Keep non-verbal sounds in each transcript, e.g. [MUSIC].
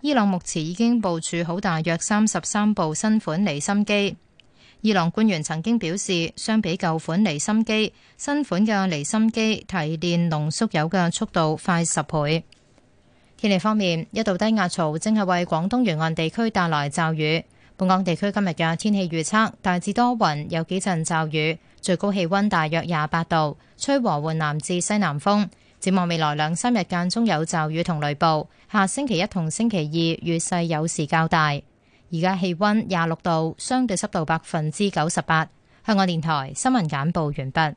伊朗目前已經部署好大約三十三部新款離心機。伊朗官員曾經表示，相比舊款離心機，新款嘅離心機提煉濃縮鈾嘅速度快十倍。天氣方面，一道低壓槽正係為廣東沿岸地區帶來驟雨。本港地區今日嘅天氣預測大致多雲，有幾陣驟雨，最高氣溫大約廿八度，吹和緩南至西南風。展望未來兩三日間中有驟雨同雷暴，下星期一同星期二雨勢有時較大。而家氣溫廿六度，相對濕度百分之九十八。香港電台新聞簡報完畢。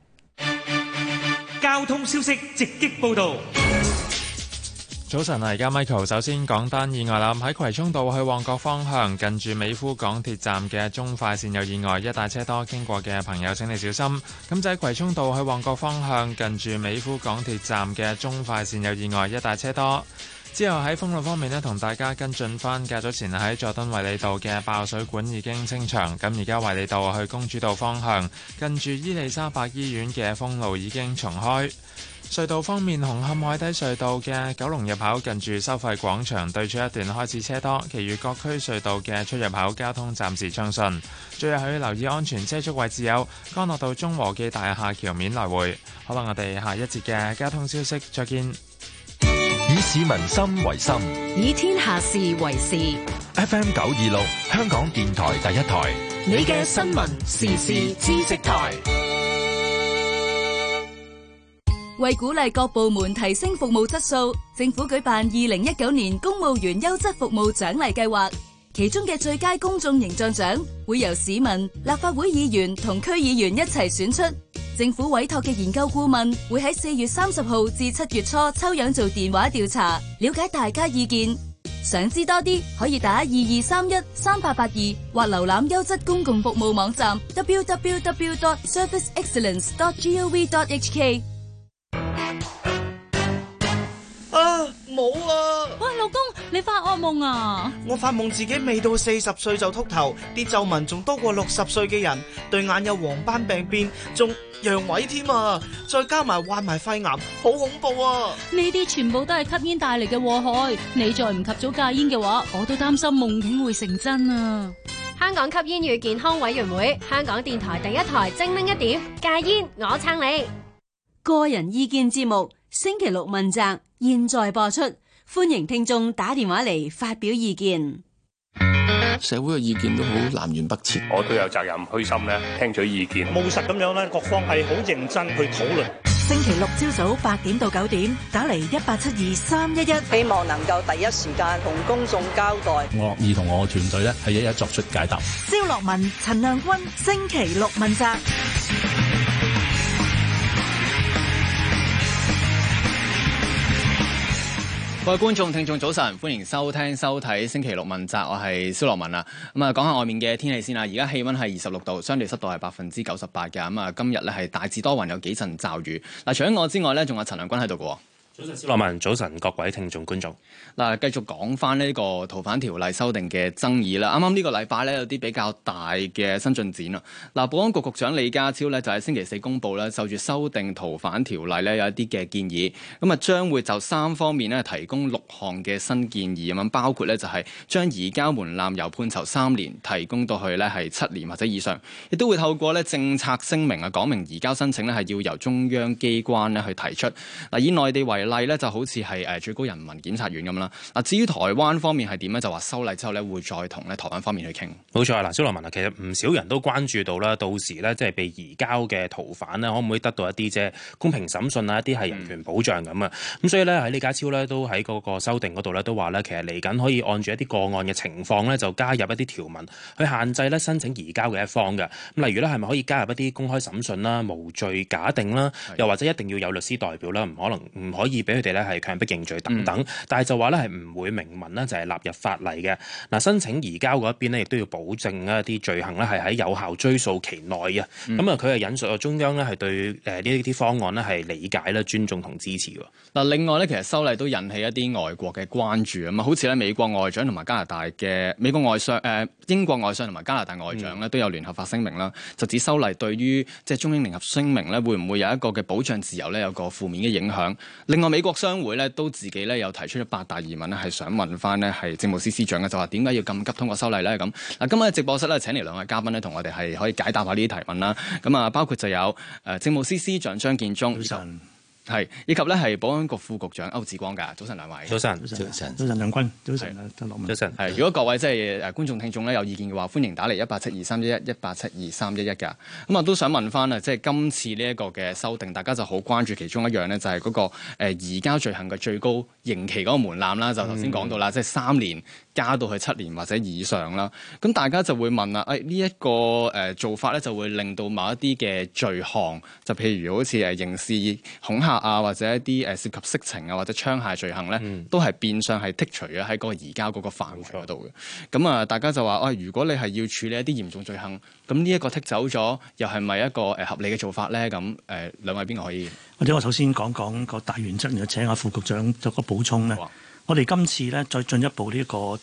交通消息直擊報道。早晨，而家 Michael。首先講單意外啦，喺葵涌道去旺角方向，近住美孚港鐵站嘅中快線有意外，一帶車多，經過嘅朋友請你小心。咁就喺葵涌道去旺角方向，近住美孚港鐵站嘅中快線有意外，一帶車多。之後喺封路方面呢，同大家跟進翻。較早前喺佐敦維里道嘅爆水管已經清場，咁而家維里道去公主道方向，近住伊利沙伯醫院嘅封路已經重開。隧道方面，紅磡海底隧道嘅九龍入口近住收費廣場對出一段開始車多，其餘各區隧道嘅出入口交通暫時暢順。最後可以留意安全車速位置有干諾道中和記大廈橋面來回。好啦，我哋下一節嘅交通消息，再見。以市民心為心，以天下事為事。FM 九二六，香港電台第一台，你嘅新聞時事知識台。為鼓勵各部門提升服務質素，政府舉辦二零一九年公務員優質服務獎勵計劃。其中嘅最佳公眾形象獎會由市民、立法會議員同區議員一齊選出。政府委託嘅研究顧問會喺四月三十號至七月初抽樣做電話調查，了解大家意見。想知多啲，可以打二二三一三八八二或瀏覽優質公共服務網站 www.serviceexcellence.gov.hk 冇啊！喂，老公，你發噩夢啊？我發夢自己未到四十歲就禿頭，啲皺紋仲多過六十歲嘅人，對眼有黃斑病變，仲陽痿添啊！再加埋患埋肺癌，好恐怖啊！呢啲全部都係吸煙帶嚟嘅禍害。你再唔及早戒煙嘅話，我都擔心夢境會成真啊！香港吸煙與健康委員會，香港電台第一台，精靈一點，戒煙我撐你。個人意見節目，星期六問責。現在播出，歡迎聽眾打電話嚟發表意見。社會嘅意見都好南轅北轍，我都有責任虛心咧聽取意見。務實咁樣咧，各方係好認真去討論。星期六朝早八點到九點，打嚟一八七二三一一，希望能夠第一時間同公眾交代。我樂意同我嘅團隊咧係一一作出解答。蕭洛汶、陳亮均，星期六問責。各位觀眾、聽眾，早晨，歡迎收聽、收睇《星期六問責》，我係蕭洛汶啦。咁啊，講下外面嘅天氣先啦。而家氣溫係二十六度，相對濕度係百分之九十八嘅。咁啊，今日咧係大致多雲，有幾陣驟雨。嗱，除咗我之外咧，仲有陳亮均喺度嘅。洛汶，早晨，各位聽眾觀眾。嗱，繼續講翻呢個逃犯條例修訂嘅爭議啦。啱啱呢個禮拜咧有啲比較大嘅新進展啦。嗱，保安局局長李家超咧就喺星期四公布咧，就住修訂逃犯條例咧有一啲嘅建議。咁啊，將會就三方面咧提供六項嘅新建議咁樣，包括咧就係將移交門檻由判囚三年提供到去咧係七年或者以上，亦都會透過咧政策聲明啊講明移交申請咧係要由中央機關咧去提出。嗱，以內地為例咧就好似係誒最高人民檢察院咁啦。嗱，至於台灣方面係點咧？就話修例之後咧，會再同咧台灣方面去傾。冇錯啊！嗱，蕭洛汶啊，其實唔少人都關注到啦，到時咧即係被移交嘅逃犯呢，可唔可以得到一啲即係公平審訊啊？一啲係人權保障咁啊。咁、嗯、所以咧喺李家超咧都喺嗰個修訂嗰度咧都話咧，其實嚟緊可以按住一啲個案嘅情況咧，就加入一啲條文去限制咧申請移交嘅一方嘅。咁例如咧，係咪可以加入一啲公開審訊啦、無罪假定啦，又或者一定要有律師代表啦？唔可能，唔可以。而俾佢哋咧係強迫認罪等等，但係就話咧係唔會明文咧就係納入法例嘅。嗱，申請移交嗰一邊咧，亦都要保證一啲罪行咧係喺有效追訴期內啊。咁啊，佢係引述咗中央咧係對誒呢啲方案咧係理解咧、尊重同支持。嗱，另外咧，其實修例都引起一啲外國嘅關注啊，好似咧美國外長同埋加拿大嘅美國外商誒。呃英國外相同埋加拿大外長咧都有聯合發聲明啦，嗯、就指修例對於即係中英聯合聲明咧，會唔會有一個嘅保障自由咧，有個負面嘅影響。另外美國商會咧都自己咧又提出咗八大疑問咧，係想問翻咧係政務司司長嘅，就話點解要咁急，急通過修例咧？咁嗱，今日直播室咧請嚟兩位嘉賓咧，同我哋係可以解答下呢啲提問啦。咁啊，包括就有誒政務司司長張建宗。係，以及咧係保安局副局長區志光㗎。早晨，兩位。早晨，早晨，早晨，亮均，早晨，早晨上，係上。如果各位即係誒觀眾聽眾咧有意見嘅話，歡迎打嚟一八七二三一一一八七二三一一㗎。咁啊，都想問翻啊，即係今次呢一個嘅修訂，大家就好關注其中一樣咧，就係嗰個移交罪行嘅最高刑期嗰個門檻啦。就頭先講到啦，即係、嗯、三年。加到去七年或者以上啦，咁大家就會問啦，誒呢一個誒做法咧，就會令到某一啲嘅罪行，就譬如好似誒刑事恐嚇啊，或者一啲誒涉及色情啊，或者槍械罪行咧，都係變相係剔除咗喺嗰個移交嗰個範圍嗰度嘅。咁啊冇錯，大家就話，誒、哎、如果你係要處理一啲嚴重罪行，咁呢一個剔走咗，又係咪一個誒合理嘅做法咧？咁誒、呃、兩位邊個可以？或者我首先講講個大原則，然後請阿副局長作個補充咧。我哋今次咧再進一步呢個誒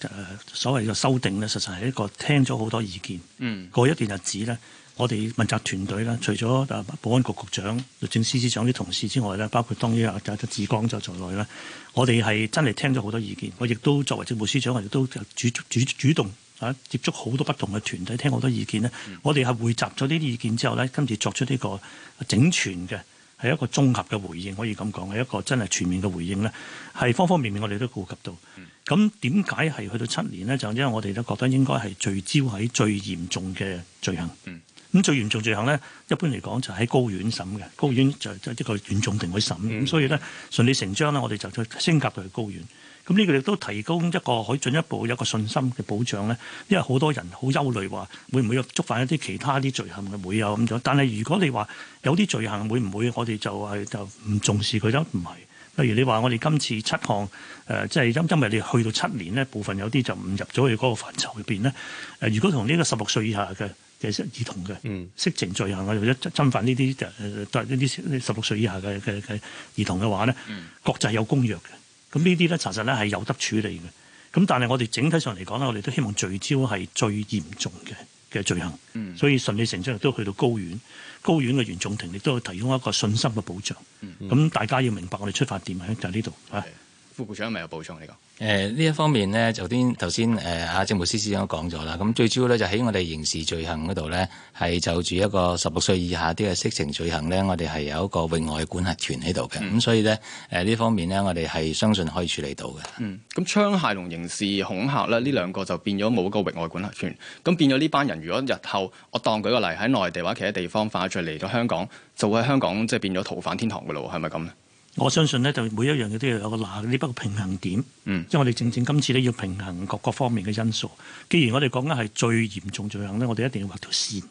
所謂嘅修訂咧，實際係一個聽咗好多意見。嗯，過一段日子咧，我哋問責團隊咧，除咗保安局局長、律政司司長啲同事之外咧，包括當然阿區志光就在內咧，我哋係真係聽咗好多意見。我亦都作為政務司長，我亦都主主主，主動啊接觸好多不同嘅團隊，聽好多意見咧。嗯、我哋係匯集咗呢啲意見之後咧，今次作出呢個整全嘅。係一個綜合嘅回應，可以咁講係一個真係全面嘅回應咧，係方方面面我哋都顧及到。咁點解係去到七年咧？就因為我哋都覺得應該係聚焦喺最嚴重嘅罪行。咁最嚴重罪行咧，一般嚟講就喺高院審嘅，高院就即係一個嚴重地位審。咁所以咧，順理成章咧，我哋就升格去高院。咁呢個亦都提供一個可以進一步有一個信心嘅保障咧，因為好多人好憂慮話會唔會觸犯一啲其他啲罪行嘅會有咁樣，但係如果你話有啲罪行會唔會我哋就係就唔重視佢咧？唔係，例如你話我哋今次七項誒，即、呃、係因為你去到七年呢部分有啲就唔入咗去嗰個範疇入邊咧。誒、呃，如果同呢個十六歲以下嘅嘅兒童嘅色情罪行啊，嗯、或者侵犯呢啲誒，呢啲十六歲以下嘅嘅兒童嘅話咧，嗯、國際有公約嘅。咁呢啲咧，查實咧係有得處理嘅。咁但係我哋整體上嚟講咧，我哋都希望聚焦係最嚴重嘅嘅罪行。嗯。所以順理成章亦都去到高院，高院嘅原訟庭亦都提供一個信心嘅保障。嗯咁、嗯、大家要明白我哋出發點喺就係呢度嚇。Okay. 副局長係咪有補充嚟講？誒呢、呃、一方面咧，就啲頭先誒啊政務司司長都講咗啦。咁最主要咧就喺我哋刑事罪行嗰度咧，係就住一個十六歲以下啲嘅色情罪行咧，我哋係有一個域外管轄權喺度嘅。咁、嗯、所以咧誒呢、呃、方面咧，我哋係相信可以處理到嘅。咁、嗯、槍械同刑事恐嚇咧，呢兩個就變咗冇一個域外管轄權。咁變咗呢班人，如果日後我當舉個例喺內地或者其他地方犯咗罪嚟咗香港，就會喺香港即係、就是、變咗逃犯天堂㗎啦？喎，係咪咁咧？我相信咧，就每一樣嘢都要有個嗱呢筆平衡點。嗯，即係我哋正正今次咧要平衡各各方面嘅因素。既然我哋講緊係最嚴重罪行咧，我哋一定要畫條線，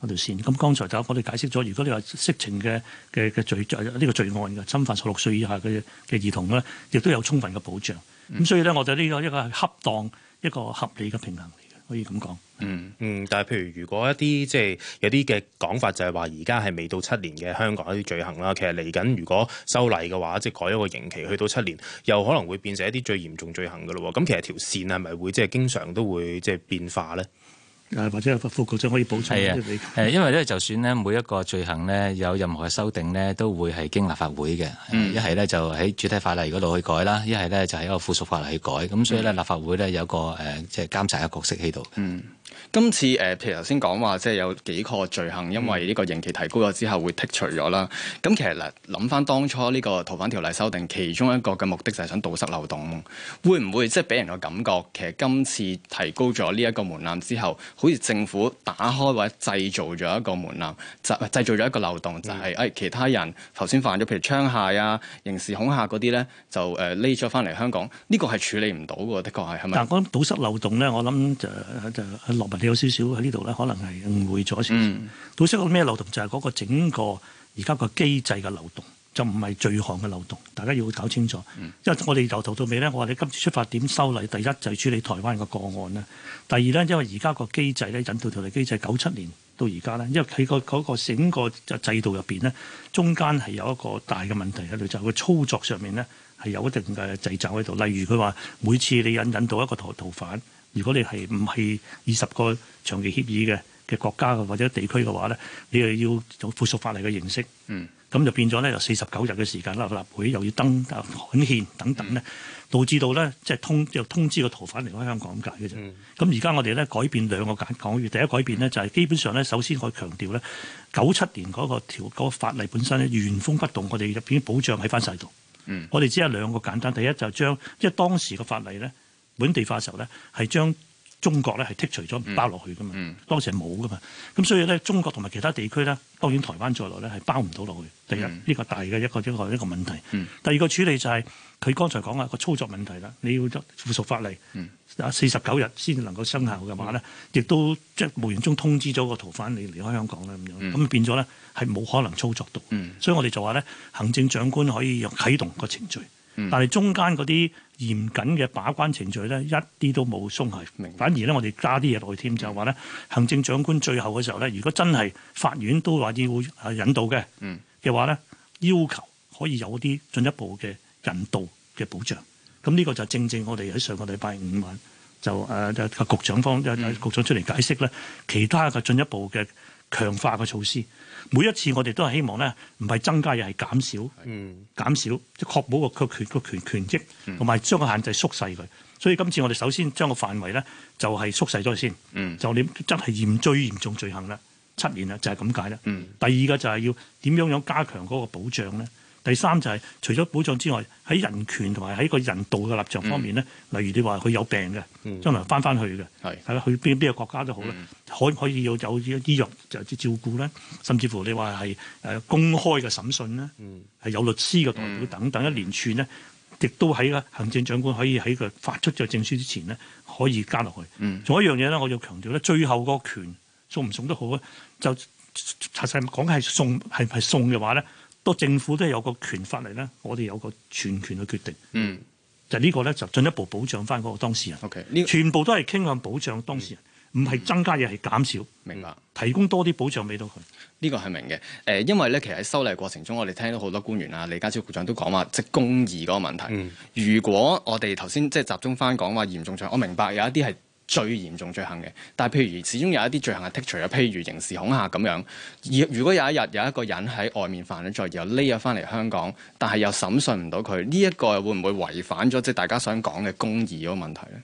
畫條線。咁剛才就我哋解釋咗，如果你話色情嘅嘅嘅罪呢、呢個罪案嘅侵犯十六歲以下嘅嘅兒童咧，亦都有充分嘅保障。咁、嗯、所以咧，我哋呢個一個係恰當一個合理嘅平衡。可以咁講嗯嗯，但係譬如如果一啲即係有啲嘅講法就係話，而家係未到七年嘅香港一啲罪行啦，其實嚟緊如果修例嘅話，即係改咗個刑期去到七年，又可能會變成一啲最嚴重罪行嘅咯。咁其實條線係咪會即係經常都會即係變化咧？或者副局長可以補充啲比較。的你因為咧，就算咧每一個罪行咧有任何嘅修訂咧，都會係經立法會嘅。嗯，一係咧就喺主體法例嗰度去改啦，一係咧就喺一個附屬法例去改。咁所以咧，立法會咧有個誒，即係監察嘅角色喺度。嗯，今次誒，譬如頭先講話，即係有幾個罪行因為呢個刑期提高咗之後會剔除咗啦。咁其實嗱，諗翻當初呢個逃犯條例修訂，其中一個嘅目的就係想堵塞漏洞。會唔會即係俾人嘅感覺，其實今次提高咗呢一個門檻之後？好似政府打開或者製造咗一個門檻，製製造咗一個漏洞，就係、是、誒、哎、其他人頭先犯咗，譬如槍械啊、刑事恐嚇嗰啲咧，就誒匿咗翻嚟香港，呢、這個係處理唔到嘅，的確係係咪？是是但係我諗堵塞漏洞咧，我諗就就落埋你有少少喺呢度咧，可能係誤會咗先。嗯、堵塞個咩漏洞？就係、是、嗰個整個而家個機制嘅漏洞。就唔係罪行嘅漏洞，大家要搞清楚。嗯。因為我哋由頭到尾咧，我話你今次出發點修例，第一就係、是、處理台灣嘅個案啦。第二咧，因為而家個機制咧引渡條例機制，九七年到而家咧，因為佢個嗰整個制度入邊咧，中間係有一個大嘅問題喺度，就係、是、個操作上面咧係有一定嘅掣肘喺度。例如佢話每次你引引渡一個逃犯，如果你係唔係二十個長期協議嘅嘅國家或者地區嘅話咧，你又要用附屬法例嘅形式。嗯。咁就變咗咧，就四十九日嘅時間立會又要登啊刊憲等等咧，導致到咧即係通又通知個逃犯嚟翻香港咁解嘅啫。咁而家我哋咧改變兩個簡講語，第一改變咧就係基本上咧，首先可以強調咧，九七年嗰個條嗰法例本身咧原封不動，我哋入邊保障喺翻晒度。嗯，我哋只有兩個簡單，第一就將即係當時嘅法例咧本地化嘅時候咧係將。中國咧係剔除咗唔包落去噶嘛，嗯、當時係冇噶嘛，咁所以咧中國同埋其他地區咧，當然台灣在內咧係包唔到落去。第一呢、嗯、個大嘅一個一個一個問題。嗯、第二個處理就係、是、佢剛才講嘅個操作問題啦，你要得附屬法例，四十九日先能夠生效嘅話咧，嗯、亦都即係無形中通知咗個逃犯你離開香港咧咁、嗯、樣，咁變咗咧係冇可能操作到。嗯、所以我哋就話咧，行政長官可以用啟動個程序。但係中間嗰啲嚴謹嘅把關程序咧，一啲都冇鬆懈。明白反而咧，我哋加啲嘢落去添，就係話咧，白行政長官最後嘅時候咧，如果真係法院都話要引導嘅嘅話咧，白要求可以有啲進一步嘅人道嘅保障。咁呢個就正正我哋喺上個禮拜五晚就誒嘅、呃、局長方局長出嚟解釋咧，其他嘅進一步嘅強化嘅措施。白每一次我哋都係希望咧，唔係增加而係減少，嗯、減少即係確保個個權個權,權益，同埋、嗯、將個限制縮細佢。所以今次我哋首先將個範圍咧就係縮細咗先，嗯、就你真係最嚴重罪行啦，七年啦就係咁解啦。嗯、第二個就係要點樣樣加強嗰個保障咧？第三就係、是、除咗保障之外，喺人權同埋喺個人道嘅立場方面咧，嗯、例如你話佢有病嘅，嗯、將來翻翻去嘅，係啦是，去邊邊個國家都好咧，可、嗯、可以有有醫醫藥就照顧咧，甚至乎你話係誒公開嘅審訊咧，係、嗯、有律師嘅代表等等一連串咧，亦都喺行政長官可以喺佢發出咗證書之前咧，可以加落去。仲、嗯、有一樣嘢咧，我要強調咧，最後個權送唔送都好咧，就查實講係送係係送嘅話咧。個政府都係有個權法嚟咧，我哋有個全權去決定。嗯，就呢個咧就進一步保障翻嗰個當事人。O K，呢全部都係傾向保障當事人，唔係、嗯、增加嘢，係減少。明白，提供多啲保障俾到佢。呢個係明嘅。誒，因為咧，其實喺修例過程中，我哋聽到好多官員啊，李家超局長都講話即公義嗰個問題。嗯、如果我哋頭先即係集中翻講話嚴重上，我明白有一啲係。最嚴重罪行嘅，但係譬如，始終有一啲罪行係剔除咗，譬如刑事恐嚇咁樣。而如果有一日有一個人喺外面犯咗罪，又匿咗翻嚟香港，但係又審訊唔到佢，呢一個會唔會違反咗即係大家想講嘅公義嗰個問題咧？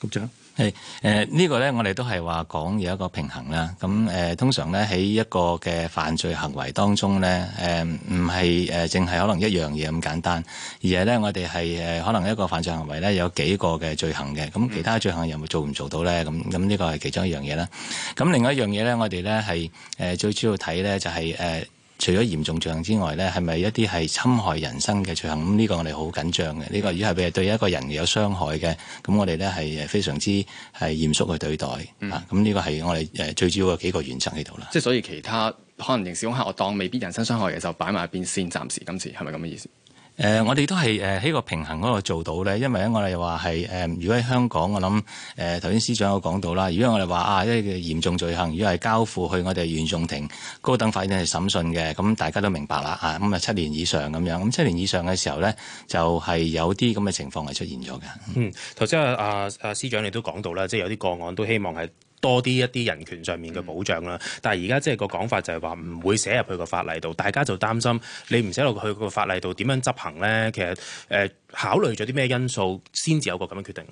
局長、嗯。嗯誒誒、呃這個、呢個咧，我哋都係話講有一個平衡啦。咁誒、呃、通常咧喺一個嘅犯罪行為當中咧，誒唔係誒淨係可能一樣嘢咁簡單，而係咧我哋係誒可能一個犯罪行為咧有幾個嘅罪行嘅。咁其他罪行又會做唔做到咧？咁咁呢個係其中一樣嘢啦。咁另外一樣嘢咧，我哋咧係誒最主要睇咧就係、是、誒。呃除咗嚴重罪行之外咧，係咪一啲係侵害人身嘅罪行？咁、這、呢個我哋好緊張嘅。呢、這個如果係畀對一個人有傷害嘅，咁我哋咧係非常之係嚴肅去對待、嗯、啊。咁、這、呢個係我哋誒最主要嘅幾個原則喺度啦。即係所以其他可能刑事恐嚇，我當未必人身傷害嘅時候擺埋一邊先，暫時今次係咪咁嘅意思？誒、呃，我哋都係誒喺個平衡嗰度做到咧，因為咧我哋話係誒，如果喺香港，我諗誒頭先司長有講到啦，如果我哋話啊，因為嚴重罪行，如果係交付去我哋原訟庭高等法院係審訊嘅，咁大家都明白啦嚇，咁啊、嗯、七年以上咁樣，咁七年以上嘅時候咧，就係、是、有啲咁嘅情況係出現咗嘅。嗯，頭先阿阿司長你都講到啦，即係有啲個案都希望係。多啲一啲人權上面嘅保障啦，嗯、但係而家即係個講法就係話唔會寫入去個法例度，嗯、大家就擔心你唔寫落去個法例度點樣執行咧？其實誒、呃、考慮咗啲咩因素先至有個咁嘅決定？誒、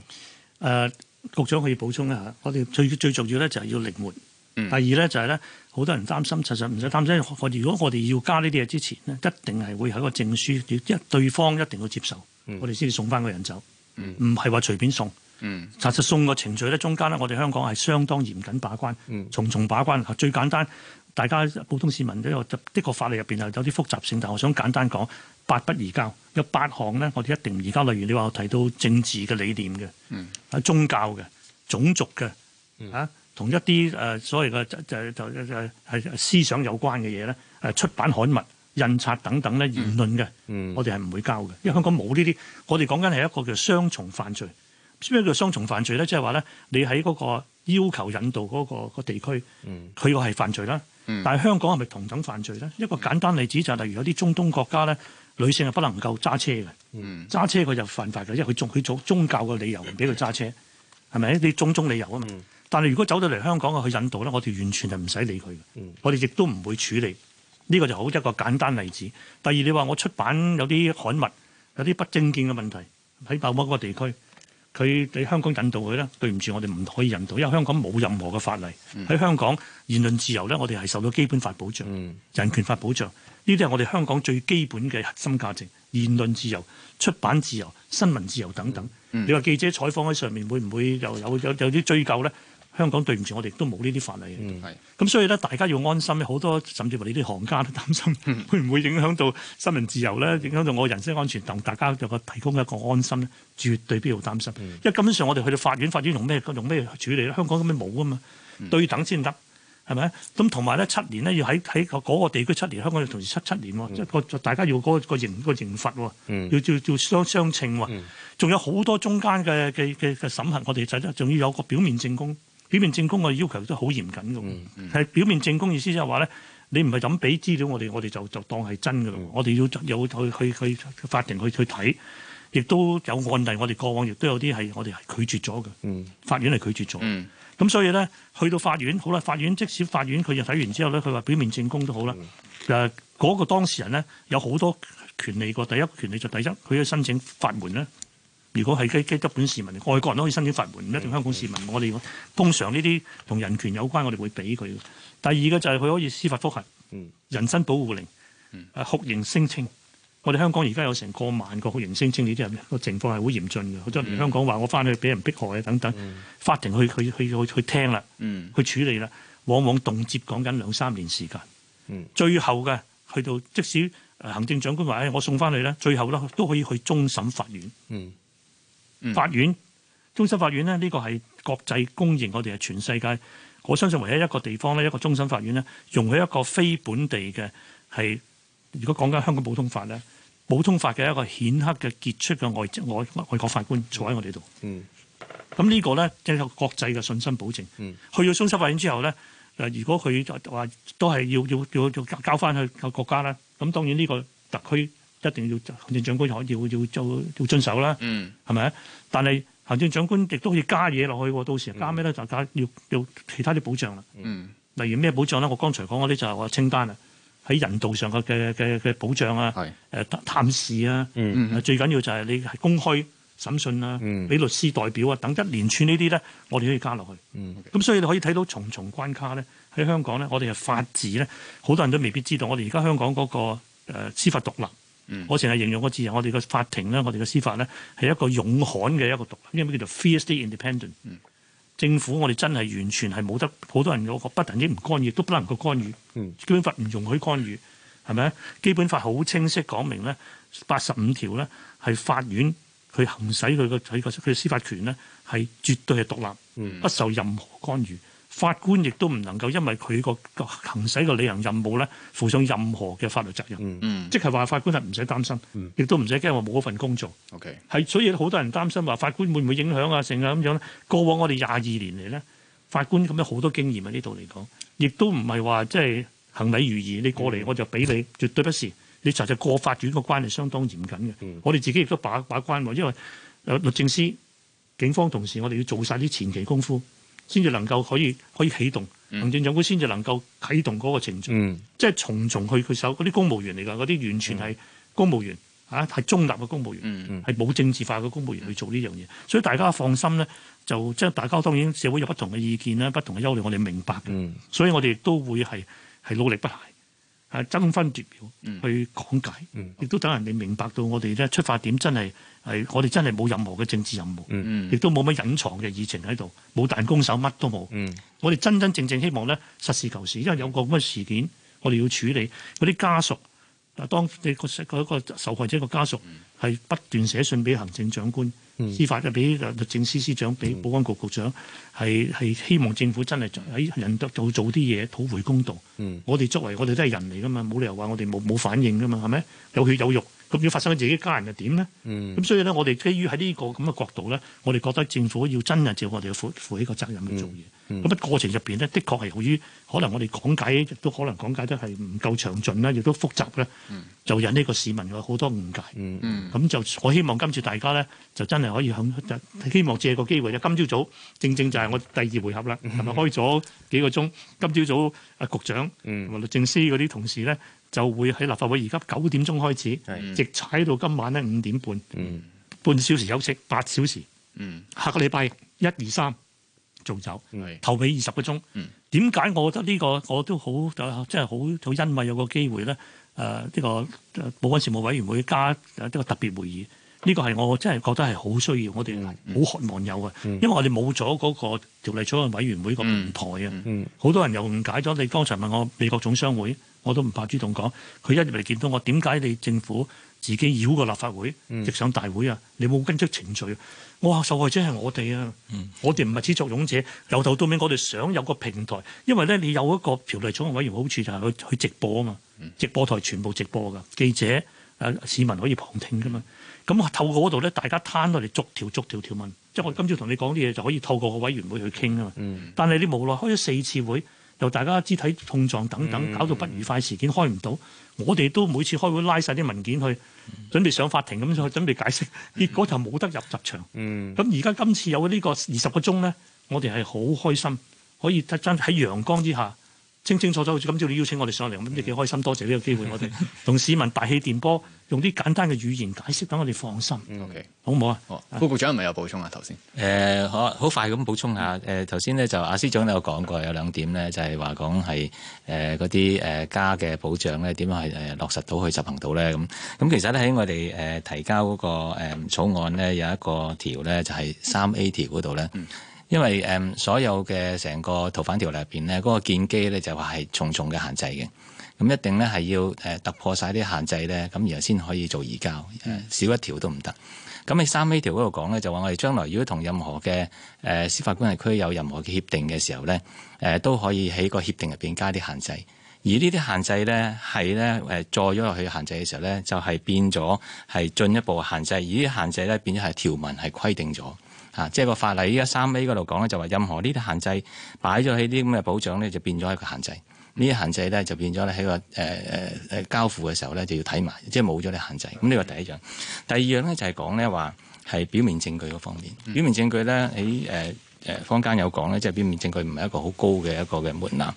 呃、局長可以補充一下，嗯、我哋最最重要咧就係要靈活。嗯、第二咧就係、是、咧，好多人擔心，其實唔使擔心。我如果我哋要加呢啲嘢之前咧，一定係會有個證書，一對方一定要接受，嗯、我哋先至送翻個人走，唔係話隨便送。嗯，查實送個程序咧，中間咧，我哋香港係相當嚴謹把關，重重把關。最簡單，大家普通市民咧，就的確法例入邊啊，有啲複雜性。但係我想簡單講，八不移交有八項咧，我哋一定唔移交。例如你話我提到政治嘅理念嘅，嗯，宗教嘅、種族嘅，嚇同、嗯、一啲誒所謂嘅就就就就係思想有關嘅嘢咧，誒出版刊物、印刷等等咧言論嘅，嗯嗯、我哋係唔會交嘅，因為香港冇呢啲。我哋講緊係一個叫雙重犯罪。咩叫雙重犯罪咧？即係話咧，你喺嗰個要求引渡嗰個地區，佢個係犯罪啦。嗯、但係香港係咪同等犯罪咧？一個簡單例子就係，例如有啲中東國家咧，女性係不能夠揸車嘅，揸車佢就犯法嘅，因為佢做佢做宗教嘅理由唔俾佢揸車，係咪一啲種種理由啊嘛？嗯、但係如果走到嚟香港去引渡咧，我哋完全係唔使理佢嘅，嗯、我哋亦都唔會處理呢、呢個就好一個簡單例子。第二，你話我出版有啲刊物有啲不正見嘅問題喺某,某一個地區。佢喺香港引渡佢咧，對唔住我哋唔可以引渡，因為香港冇任何嘅法例。喺、嗯、香港言論自由咧，我哋係受到基本法保障、嗯、人權法保障。呢啲係我哋香港最基本嘅核心價值：言論自由、出版自由、新聞自由等等。嗯、你話記者採訪喺上面會唔會又有有有啲追究咧？香港對唔住，我哋都冇呢啲法例嘅，咁、嗯、所以咧，大家要安心咧。好多甚至乎你啲行家都擔心，嗯、會唔會影響到新聞自由咧？嗯、影響到我人身安全，同大家就個提供一個安心咧，絕對必要擔心。嗯、因為根本上我哋去到法院，法院用咩用咩處理咧？香港根本冇啊嘛，嗯嗯、對等先得，係咪？咁同埋咧七年咧，要喺喺個嗰個地區七年，香港又同時七七年，即係個大家要嗰、嗰個嗰個刑、嗰個刑罰，要要要相相稱喎。仲有好多中間嘅嘅嘅審核，我哋就仲要有，有個表面證供。表面證供嘅要求都好嚴謹嘅，係、嗯嗯、表面證供意思就係話咧，你唔係咁俾資料我哋，我哋就就當係真嘅咯。嗯、我哋要有去去去法庭去去睇，亦都有案例，我哋過往亦都有啲係我哋係拒絕咗嘅，嗯、法院係拒絕咗。咁、嗯、所以咧，去到法院，好啦，法院即使法院佢就睇完之後咧，佢話表面證供都好啦，誒嗰、嗯呃嗰個當事人咧有好多權利個，第一權利就第一，佢要申請法還咧。如果係基基本市民，外國人都可以申請法援，唔一定香港市民。我哋通常呢啲同人權有關，我哋會俾佢。第二個就係佢可以司法覆核，人身保護令，酷刑聲稱。我哋香港而家有成過萬個酷刑聲稱呢啲係咩？個情況係好嚴峻嘅。好多人嚟香港話我翻去俾人迫害啊等等，法庭去去去去聽啦，去處理啦，往往動輒講緊兩三年時間。最後嘅去到，即使行政長官話、哎：，我送翻你啦，最後啦，都可以去終審法院。法院，嗯、終審法院呢，呢個係國際公認，我哋係全世界我相信唯一一個地方呢，一個終審法院呢，容許一個非本地嘅係，如果講緊香港普通法呢，普通法嘅一個顯赫嘅傑出嘅外外外國法官坐喺我哋度。嗯，咁呢個呢，即係國際嘅信心保證。嗯、去咗終審法院之後呢，誒，如果佢話都係要要要交翻去國家呢，咁當然呢個特區。一定要行政長官要要要，要，要遵守啦，係咪、嗯？但係行政長官亦都可以加嘢落去。到時加咩咧？大家、嗯、要要其他啲保障啦。嗯、例如咩保障咧？我剛才講嗰啲就係話清單啊，喺人道上嘅嘅嘅保障啊，誒係探視啊，嗯、最緊要就係你係公開審訊啊、俾、嗯、律師代表啊等一連串呢啲咧，我哋可以加落去。咁、嗯 okay. 所以你可以睇到重重關卡咧喺香港咧，我哋係法治咧好多人都未必知道。我哋而家香港嗰個誒司法獨立。Mm. 我成日形容個字，我哋嘅法庭咧，我哋嘅司法咧，係一個勇悍嘅一個獨立，呢啲叫做 fiercely independent。Mm. 政府我哋真係完全係冇得，好多人我覺得不但止唔干涉，都不能夠干預。Mm. 基本法唔容許干預，係咪？基本法好清晰講明咧，八十五條咧係法院去行使佢嘅佢個佢嘅司法權咧，係絕對係獨立，mm. 不受任何干預。法官亦都唔能夠因為佢個行使個履行任務咧，負上任何嘅法律責任。嗯，即係話法官係唔使擔心，亦都唔使驚我冇嗰份工作。OK，係所以好多人擔心話法官會唔會影響啊，成啊咁樣咧。過往我哋廿二年嚟咧，法官咁樣好多經驗啊，呢度嚟講，亦都唔係話即係行禮如儀。你過嚟我就俾你，嗯、絕對不是。你查實過法院個關係相當嚴謹嘅。嗯、我哋自己亦都把把關喎，因為律政司、警方同事，我哋要做晒啲前期功夫。先至能夠可以可以啟動，行政長官先至能夠啟動嗰個程序，嗯、即係重重去佢手嗰啲公務員嚟㗎，嗰啲完全係公務員，嚇係、嗯嗯啊、中立嘅公務員，係冇、嗯嗯、政治化嘅公務員去做呢樣嘢，所以大家放心咧，就即係大家當然社會有不同嘅意見啦，不同嘅憂慮，我哋明白嘅，所以我哋都會係係努力不懈。係爭分奪秒去講解，嗯、亦都等人哋明白到我哋咧出發點真係係我哋真係冇任何嘅政治任務，嗯、亦都冇乜隱藏嘅議程喺度，冇彈弓手乜都冇。嗯、我哋真真正正希望咧實事求是，因為有個咁嘅事件，我哋要處理嗰啲家屬。嗱，當你個嗰受害者個家屬係不斷寫信俾行政長官。司法就俾律政司司長，俾保安局局長，係係、嗯、希望政府真係喺人哋做做啲嘢，討回公道。嗯、我哋作為我哋都係人嚟噶嘛，冇理由話我哋冇冇反應噶嘛，係咪？有血有肉，咁如果發生喺自己家人又點咧？咁、嗯、所以咧，我哋基於喺呢個咁嘅角度咧，我哋覺得政府要真係照我哋要負負起個責任去做嘢。嗯咁啊，嗯、過程入邊咧，的確係由於可能我哋講解亦都可能講解得係唔夠詳盡啦，亦都複雜咧，嗯、就引呢個市民有好多誤解。咁、嗯嗯、就我希望今次大家咧，就真係可以肯，希望借個機會就今朝早正正就係我第二回合啦，琴日、嗯、開咗幾個鐘。嗯、今朝早啊，局長同埋、嗯、律政司嗰啲同事咧，就會喺立法會而家九點鐘開始，嗯、直踩到今晚咧五點半，嗯、半小時休息八小時。嗯、下個禮拜一二三。做走投俾二十個鐘，點解？我覺得呢、這個我都好，即係好好欣慰有個機會咧。誒、呃，呢、這個保安事務委員會加呢個特別會議，呢、這個係我真係覺得係好需要，我哋好渴望有嘅，因為我哋冇咗嗰個條例草案委員會個平台啊。好多人又誤解咗你。剛才問我美國總商會，我都唔怕主動講，佢一入嚟見到我，點解你政府？自己繞個立法會，直上大會啊！你冇跟足程序，我受害者係我哋啊，嗯、我哋唔係始作俑者，由頭到尾我哋想有個平台，因為咧你有一個條例草案委員會，好處就係去去直播啊嘛，直播台全部直播噶，記者誒市民可以旁聽噶嘛，咁、嗯、透過嗰度咧，大家攤落嚟逐條逐條條問，即係我今朝同你講啲嘢就可以透過個委員會去傾啊嘛，但係你無奈開咗四次會。由大家肢體碰撞等等，搞到不愉快事件，開唔到。 [NOISE] 我哋都每次開會拉晒啲文件去，準備上法庭咁去準備解釋，結果就冇得入集場。咁而家今次有呢個二十個鐘咧，我哋係好開心，可以真喺陽光之下。清清楚楚，今朝你邀請我哋上嚟，咁你幾開心。嗯、多謝呢個機會，我哋同市民大氣電波，用啲簡單嘅語言解釋，等我哋放心，嗯 okay. 好唔好啊？哦？副局長係咪有補充啊？頭先，誒、嗯嗯、好，好快咁補充下。誒頭先咧，就阿司長都有講過有兩點咧，就係話講係誒嗰啲誒加嘅保障咧，點樣係誒落實到去執行到咧？咁咁其實咧喺我哋誒提交嗰、那個、嗯、草案咧有一個條咧，就係三 A 條嗰度咧。嗯嗯因為誒、嗯、所有嘅成個逃犯條例入邊咧，嗰、那個建基咧就話、是、係重重嘅限制嘅，咁一定咧係要誒、呃、突破晒啲限制咧，咁然後先可以做移交，呃、少一條都唔得。咁喺三 A 條嗰度講咧，就話我哋將來如果同任何嘅誒、呃、司法管轄區有任何嘅協定嘅時候咧，誒、呃、都可以喺個協定入邊加啲限制，而呢啲限制咧係咧誒再咗落去限制嘅時候咧，就係、是、變咗係進一步限制，而呢啲限制咧變咗係條文係規定咗。啊！即係個法例依家三 A 嗰度講咧，就話、係、任何呢啲限制擺咗喺啲咁嘅保障咧，就變咗一個限制。呢啲、嗯、限制咧就變咗咧喺個誒誒誒交付嘅時候咧就要睇埋，即係冇咗你限制。咁呢個第一樣，嗯、第二樣咧就係講咧話係表面證據嗰方面，嗯、表面證據咧喺誒。呃誒坊間有講咧，即係表面證據唔係一個好高嘅一個嘅門檻。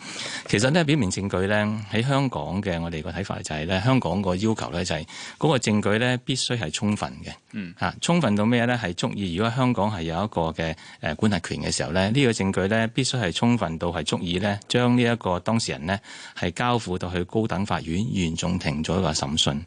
其實呢，表面證據咧喺香港嘅我哋個睇法就係、是、咧，香港個要求咧就係、是、嗰、那個證據咧必須係充分嘅。嗯、啊，嚇充分到咩咧？係足以。如果香港係有一個嘅誒管轄權嘅時候咧，呢、這個證據咧必須係充分到係足以咧將呢一個當事人呢係交付到去高等法院原訟庭做一個審訊。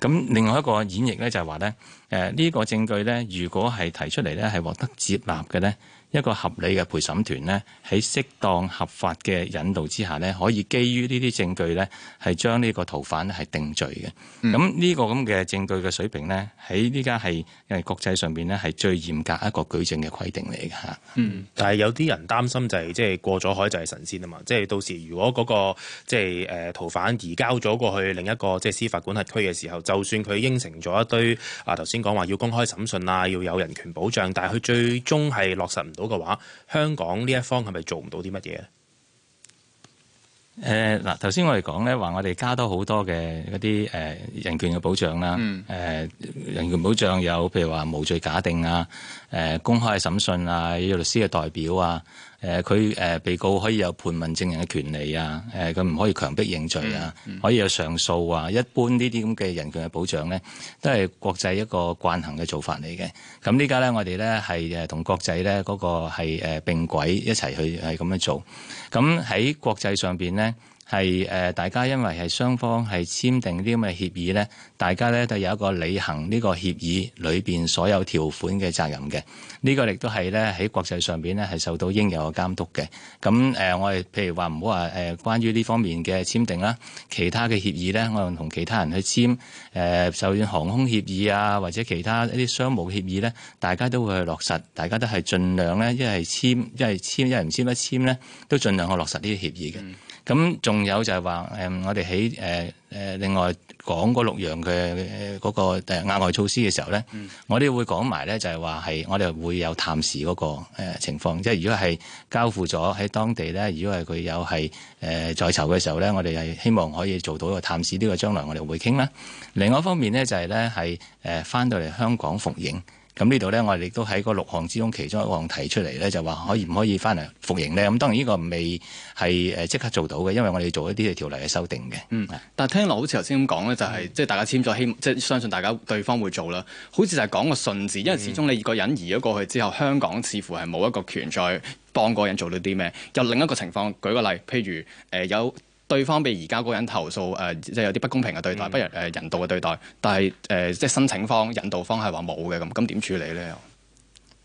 咁另外一個演繹咧就係話咧，誒、呃、呢、這個證據咧如果係提出嚟咧係獲得接納嘅咧。一個合理嘅陪審團呢，喺適當合法嘅引導之下呢，可以基於呢啲證據呢，係將呢個逃犯咧係定罪嘅。咁呢、嗯、個咁嘅證據嘅水平呢，喺而家係誒國際上面呢，係最嚴格一個舉證嘅規定嚟嘅嚇。嗯，但係有啲人擔心就係、是、即係過咗海就係神仙啊嘛！即係到時如果嗰、那個即係誒逃犯移交咗過去另一個即係司法管轄區嘅時候，就算佢應承咗一堆啊頭先講話要公開審訊啊，要有人權保障，但係佢最終係落實到嘅話，香港、呃、呢一方係咪做唔到啲乜嘢咧？誒嗱，頭先我哋講咧，話我哋加多好多嘅嗰啲誒人權嘅保障啦。誒、嗯呃、人權保障有譬如話無罪假定啊、誒、呃、公開審訊啊、有律師嘅代表啊。誒佢誒被告可以有盤問證人嘅權利啊！誒佢唔可以強逼認罪啊！嗯嗯、可以有上訴啊！一般呢啲咁嘅人權嘅保障咧，都係國際一個慣行嘅做法嚟嘅。咁、嗯、呢家咧，我哋咧係誒同國際咧嗰個係誒並軌一齊去係咁樣做。咁、嗯、喺國際上邊咧。係誒、呃，大家因為係雙方係簽訂啲咁嘅協議咧，大家咧都有一個履行呢個協議裏邊所有條款嘅責任嘅。這個、呢個亦都係咧喺國際上邊咧係受到應有嘅監督嘅。咁誒、呃，我哋譬如話唔好話誒，關於呢方面嘅簽訂啦，其他嘅協議呢，我哋同其他人去簽誒、呃，就算航空協議啊，或者其他一啲商務協議呢，大家都會去落實，大家都係儘量呢，一係簽，一係簽，一係唔簽，一簽呢都儘量去落實呢啲協議嘅。嗯咁仲有就係話誒，我哋喺誒誒另外講嗰六樣嘅嗰個誒額外措施嘅時候咧，嗯、我哋會講埋咧就係話係我哋會有探視嗰個情況，即係如果係交付咗喺當地咧，如果係佢有係誒在囚嘅時候咧，我哋係希望可以做到一個探視呢、呢個，將來我哋會傾啦。另外一方面咧，就係咧係誒返到嚟香港服刑。咁呢度咧，我哋亦都喺嗰六項之中其中一個項提出嚟咧，就話可，可以唔可以翻嚟服刑咧？咁當然呢個是未係誒即刻做到嘅，因為我哋做一啲條例嘅修訂嘅。嗯，但係聽落好似頭先咁講咧，就係即係大家簽咗，希即係相信大家對方會做啦。好似就係講個信字，因為始終你個人移咗過去之後，嗯、香港似乎係冇一個權在幫嗰個人做到啲咩。又另一個情況，舉個例，譬如誒、呃、有。對方被移交嗰人投訴，誒即係有啲不公平嘅對待，不如誒人道嘅對待，但係誒即係申請方、引導方係話冇嘅咁，咁點處理咧？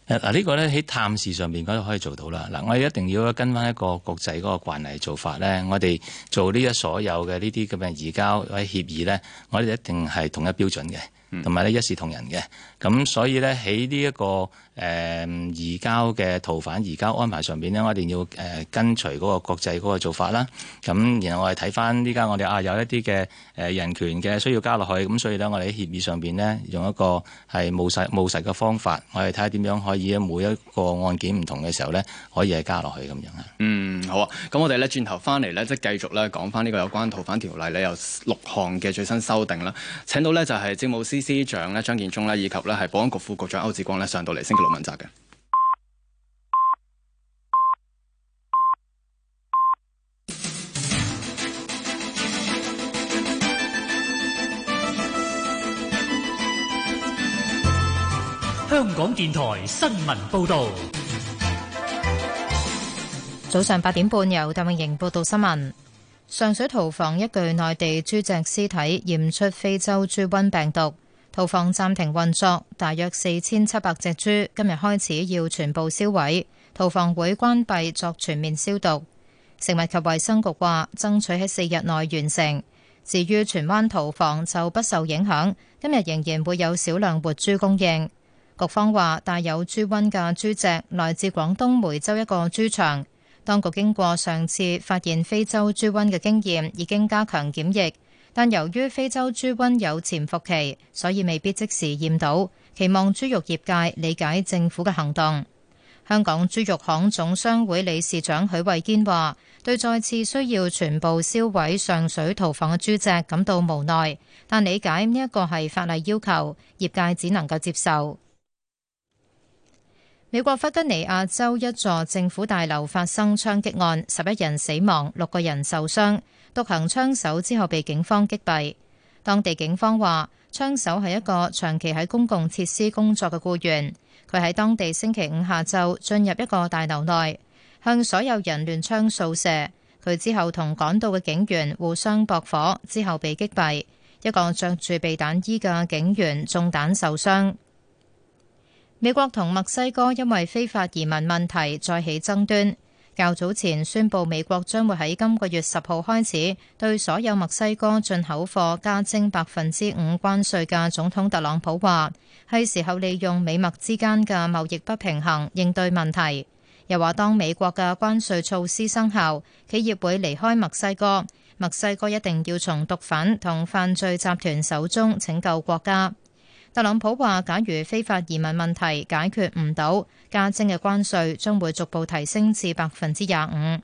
誒嗱、呃，這個、呢個咧喺探視上面嗰度可以做到啦。嗱、呃，我哋一定要跟翻一個國際嗰個慣例做法咧，我哋做呢一所有嘅呢啲咁嘅移交嘅協議咧，我哋一定係同一標準嘅，呢同埋咧一視同仁嘅。咁、呃、所以咧喺呢一、這個。誒、嗯、移交嘅逃犯移交安排上邊咧，我哋要誒、呃、跟隨嗰個國際嗰個做法啦。咁然後我哋睇翻依家我哋啊有一啲嘅誒人權嘅需要加落去，咁所以咧我哋喺協議上邊咧用一個係務實務實嘅方法，我哋睇下點樣可以每一個案件唔同嘅時候咧，可以係加落去咁樣。啊。嗯，好啊。咁我哋咧轉頭翻嚟咧，即繼續咧講翻呢個有關逃犯條例咧有六項嘅最新修訂啦。請到咧就係政務司司長咧張建宗咧，以及咧係保安局副局長區志光咧上到嚟先六萬嘅。香港電台新聞報導，早上八點半由鄧穎瑩報道新聞：上水屠房一具內地豬隻屍體驗出非洲豬瘟病毒。屠房暫停運作，大約四千七百隻豬今日開始要全部燒毀，屠房會關閉作全面消毒。食物及衛生局話，爭取喺四日內完成。至於荃灣屠房就不受影響，今日仍然會有少量活豬供應。局方話，帶有豬瘟嘅豬隻來自廣東梅州一個豬場。當局經過上次發現非洲豬瘟嘅經驗，已經加強檢疫。但由於非洲豬瘟有潛伏期，所以未必即時驗到。期望豬肉業界理解政府嘅行動。香港豬肉行總商會理事長許慧堅話，對再次需要全部銷毀上水屠房嘅豬隻感到無奈，但理解呢一個係法例要求，業界只能夠接受。美國弗吉尼亞州一座政府大樓發生槍擊案，十一人死亡，六個人受傷。獨行槍手之後被警方擊斃。當地警方話，槍手係一個長期喺公共設施工作嘅雇員。佢喺當地星期五下晝進入一個大樓內，向所有人亂槍掃射。佢之後同趕到嘅警員互相駁火，之後被擊斃。一個着住避彈衣嘅警員中彈受傷。美國同墨西哥因為非法移民問題再起爭端。較早前宣布，美國將會喺今個月十號開始對所有墨西哥進口貨加徵百分之五關稅嘅總統特朗普話：係時候利用美墨之間嘅貿易不平衡應對問題。又話當美國嘅關稅措施生效，企業會離開墨西哥，墨西哥一定要從毒販同犯罪集團手中拯救國家。特朗普話：假如非法移民問題解決唔到，加徵嘅關稅將會逐步提升至百分之廿五。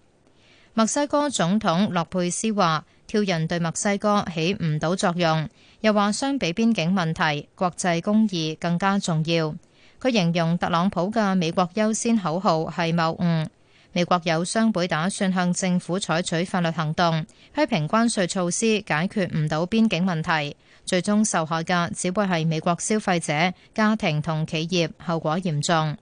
墨西哥總統洛佩斯話：挑釁對墨西哥起唔到作用，又話相比邊境問題，國際公義更加重要。佢形容特朗普嘅美國優先口號係謬誤。美國有商會打算向政府採取法律行動，批評關稅措施解決唔到邊境問題。最終受害嘅只會係美國消費者、家庭同企業，後果嚴重。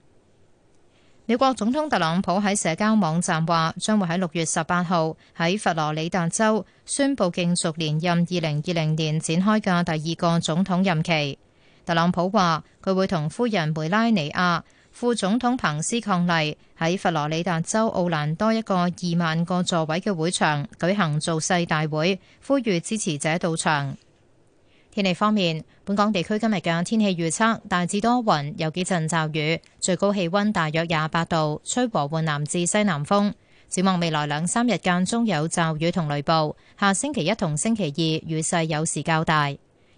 美國總統特朗普喺社交網站話，將會喺六月十八號喺佛羅里達州宣布競逐連任二零二零年展開嘅第二個總統任期。特朗普話佢會同夫人梅拉尼亞、副總統彭斯伉儷喺佛羅里達州奧蘭多一個二萬個座位嘅會場舉行造勢大會，呼籲支持者到場。天氣方面，本港地區今日嘅天氣預測大致多雲，有幾陣驟雨，最高氣溫大約廿八度，吹和緩南至西南風。展望未來兩三日間中有驟雨同雷暴，下星期一同星期二雨勢有時較大。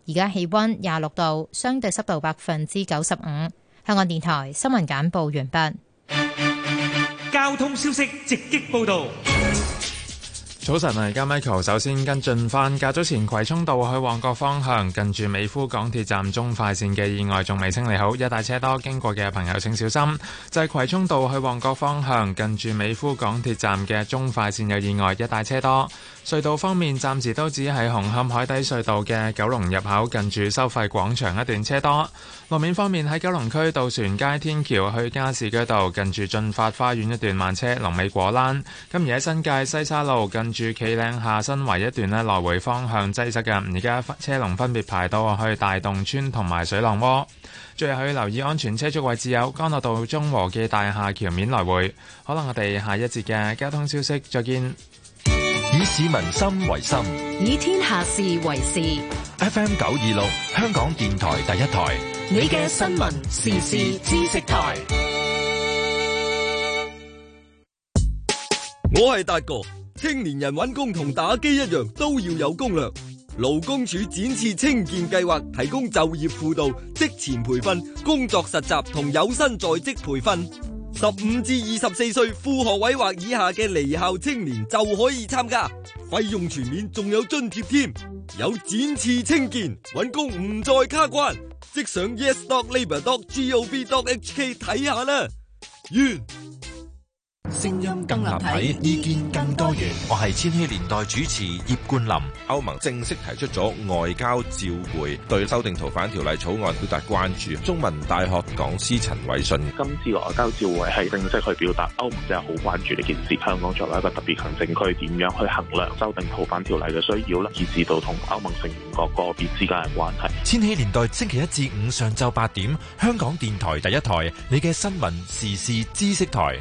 而家氣温廿六度，相對濕度百分之九十五。香港電台新聞簡報完畢。交通消息直擊報道。早晨，我係家 Michael。首先跟進翻，較早前葵涌道去旺角方向，近住美孚港鐵站中快線嘅意外仲未清理好，一帶車多，經過嘅朋友請小心。就係葵涌道去旺角方向，近住美孚港鐵站嘅中快綫有意外，一帶車多。隧道方面，暫時都只係紅磡海底隧道嘅九龍入口近住收費廣場一段車多。路面方面喺九龍區渡船街天橋去加士居道，近住駿發花園一段慢車，龍尾果欄。今而喺新界西沙路近。住企嶺下身圍一段咧來回方向擠塞嘅，而家車龍分別排到去大洞村同埋水浪窩。最後可留意安全車速位置有干諾道中和記大廈橋面來回。可能我哋下一節嘅交通消息再見。以市民心為心，以天下事為事。FM 九二六，香港電台第一台，你嘅新聞時事知識台。我係達哥。青年人揾工同打機一樣，都要有攻略。勞工處展翅青見計劃提供就業輔導、職前培訓、工作實習同有薪在職培訓。十五至二十四歲副學位或以下嘅離校青年就可以參加，費用全面，仲有津貼添。有展翅青見揾工唔再卡關，即上 yes.labour.gov.hk 睇下啦。聲音更立體，意見更多元。我係千禧年代主持葉冠霖。歐盟正式提出咗外交照會，對修訂逃犯條例草案表達關注。中文大學講師陳偉信，今次外交照會係正式去表達歐盟真係好關注呢件事。香港作為一個特別行政區，點樣去衡量修訂逃犯條例嘅需要呢？以至到同歐盟成員國個別之間嘅關係。千禧年代星期一至五上晝八點，香港電台第一台，你嘅新聞時事知識台。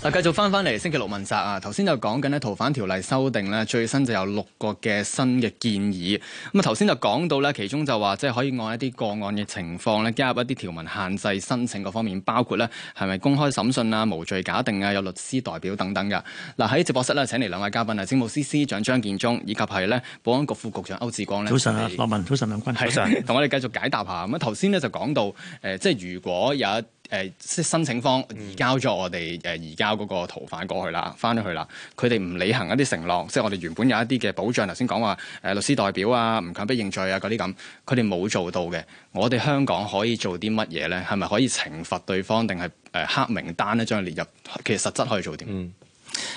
嗱，繼續返返嚟星期六問責啊！頭先就講緊咧逃犯條例修訂咧，最新就有六個嘅新嘅建議。咁啊頭先就講到咧，其中就話即係可以按一啲個案嘅情況咧，加入一啲條文限制申請各方面，包括咧係咪公開審訊啊、無罪假定啊、有律師代表等等嘅。嗱，喺直播室咧請嚟兩位嘉賓啊，政務司司長張建宗，以及係咧保安局副局長區志光咧。早晨啊，洛汶，早晨亮均，是早晨上。同我哋繼續解答下。咁啊頭先咧就講到誒，即係如果有。誒，即係申請方移交咗我哋誒移交嗰個逃犯過去啦，返咗去啦。佢哋唔履行一啲承諾，即係我哋原本有一啲嘅保障。頭先講話誒，律師代表啊，唔強迫認罪啊嗰啲咁，佢哋冇做到嘅。我哋香港可以做啲乜嘢咧？係咪可以懲罰對方，定係誒黑名單咧將佢列入？其實實質可以做啲。嗯、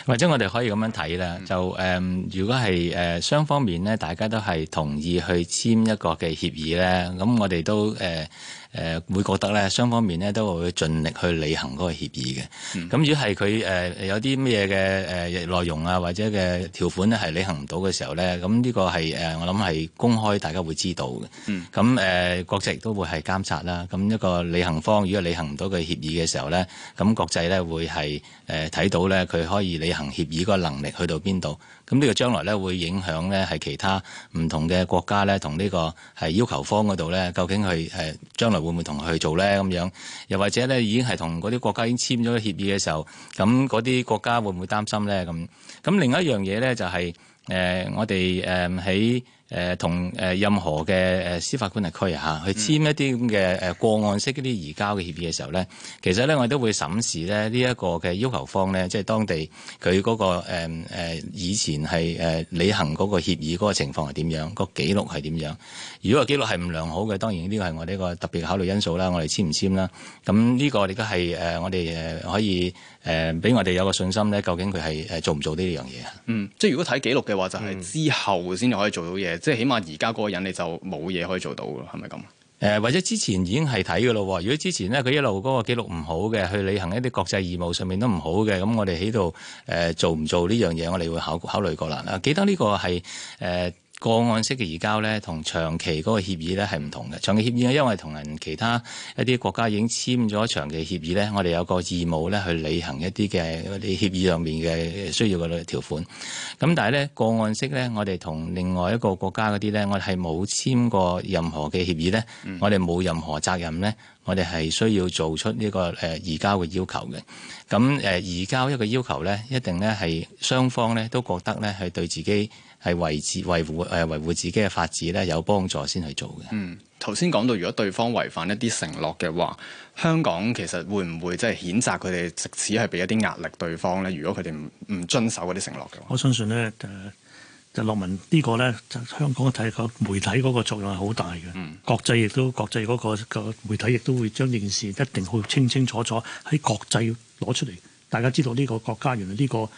或者我哋可以咁樣睇啦，就誒、呃，如果係誒、呃、雙方面咧，大家都係同意去簽一個嘅協議咧，咁我哋都誒。呃誒會覺得咧，雙方面咧都會盡力去履行嗰個協議嘅。咁、嗯、如果係佢誒有啲咩嘢嘅誒內容啊，或者嘅條款咧係履行唔到嘅時候咧，咁呢個係誒我諗係公開，大家會知道嘅。咁誒、嗯嗯、國際都會係監察啦。咁一個履行方，如果履行唔到個協議嘅時候咧，咁國際咧會係誒睇到咧佢可以履行協議個能力去到邊度。咁呢個將來咧會影響咧係其他唔同嘅國家咧同呢個係要求方嗰度咧，究竟係誒將來。會唔會同佢去做咧？咁樣又或者咧，已經係同嗰啲國家已經簽咗個協議嘅時候，咁嗰啲國家會唔會擔心咧？咁咁另一樣嘢咧，就係、是、誒、呃、我哋誒喺。呃誒同誒任何嘅誒司法管轄區嚇去簽一啲咁嘅誒個案式嗰啲移交嘅協議嘅時候咧，嗯、其實咧我哋都會審視咧呢一個嘅要求方咧，即係當地佢嗰個誒以前係誒履行嗰個協議嗰個情況係點樣，個記錄係點樣？如果個記錄係唔良好嘅，當然呢個係我哋一個特別考慮因素啦，我哋簽唔簽啦？咁呢個亦都係誒我哋誒可以。誒，俾、呃、我哋有個信心咧，究竟佢係誒做唔做呢樣嘢啊？嗯，即係如果睇記錄嘅話，就係、是、之後先至可以做到嘢，嗯、即係起碼而家嗰個人你就冇嘢可以做到咯，係咪咁？誒、呃，或者之前已經係睇㗎咯。如果之前咧，佢一路嗰個記錄唔好嘅，去履行一啲國際義務上面都唔好嘅，咁我哋喺度誒做唔做呢樣嘢，我哋會考考慮過啦。記得呢個係誒。呃個案式嘅移交咧，同長期嗰個協議咧係唔同嘅。長期協議咧，因為同人其他一啲國家已經簽咗長期協議咧，我哋有個義務咧去履行一啲嘅嗰啲協議上面嘅需要嘅條款。咁但係咧個案式咧，我哋同另外一個國家嗰啲咧，我哋係冇簽過任何嘅協議咧，嗯、我哋冇任何責任咧，我哋係需要做出呢個誒移交嘅要求嘅。咁誒移交一個要求咧，一定咧係雙方咧都覺得咧係對自己。係維持、維護、誒維護自己嘅法治咧，有幫助先去做嘅。嗯，頭先講到，如果對方違反一啲承諾嘅話，香港其實會唔會即係譴責佢哋，直至係俾一啲壓力對方咧？如果佢哋唔唔遵守嗰啲承諾嘅話，我相信咧，誒、呃，就陸文、這個、呢個咧，就香港嘅體育媒體嗰個作用係好大嘅。嗯國，國際亦都國際嗰個媒體亦都會將呢件事一定好清清楚楚喺國際攞出嚟，大家知道呢個國家原來呢、這個。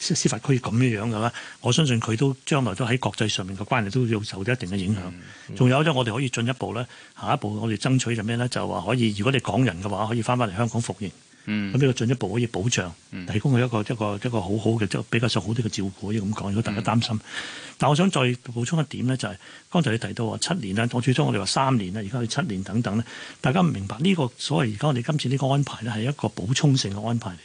司法區咁樣樣嘅啦，我相信佢都將來都喺國際上面嘅關係都要受到一定嘅影響。仲、嗯嗯、有咧，我哋可以進一步咧，下一步我哋爭取就咩咧？就話可以，如果你港人嘅話，可以翻返嚟香港服刑。咁呢個進一步可以保障，提供佢一個一個一個,一個好好嘅即比較上好啲嘅照顧。要咁講，如果大家擔心，嗯、但我想再補充一點咧、就是，就係剛才你提到話七年啦，我最初我哋話三年啦，而家去七年等等咧，大家唔明白呢、呢個所謂而家我哋今次呢個安排咧，係一個補充性嘅安排嚟。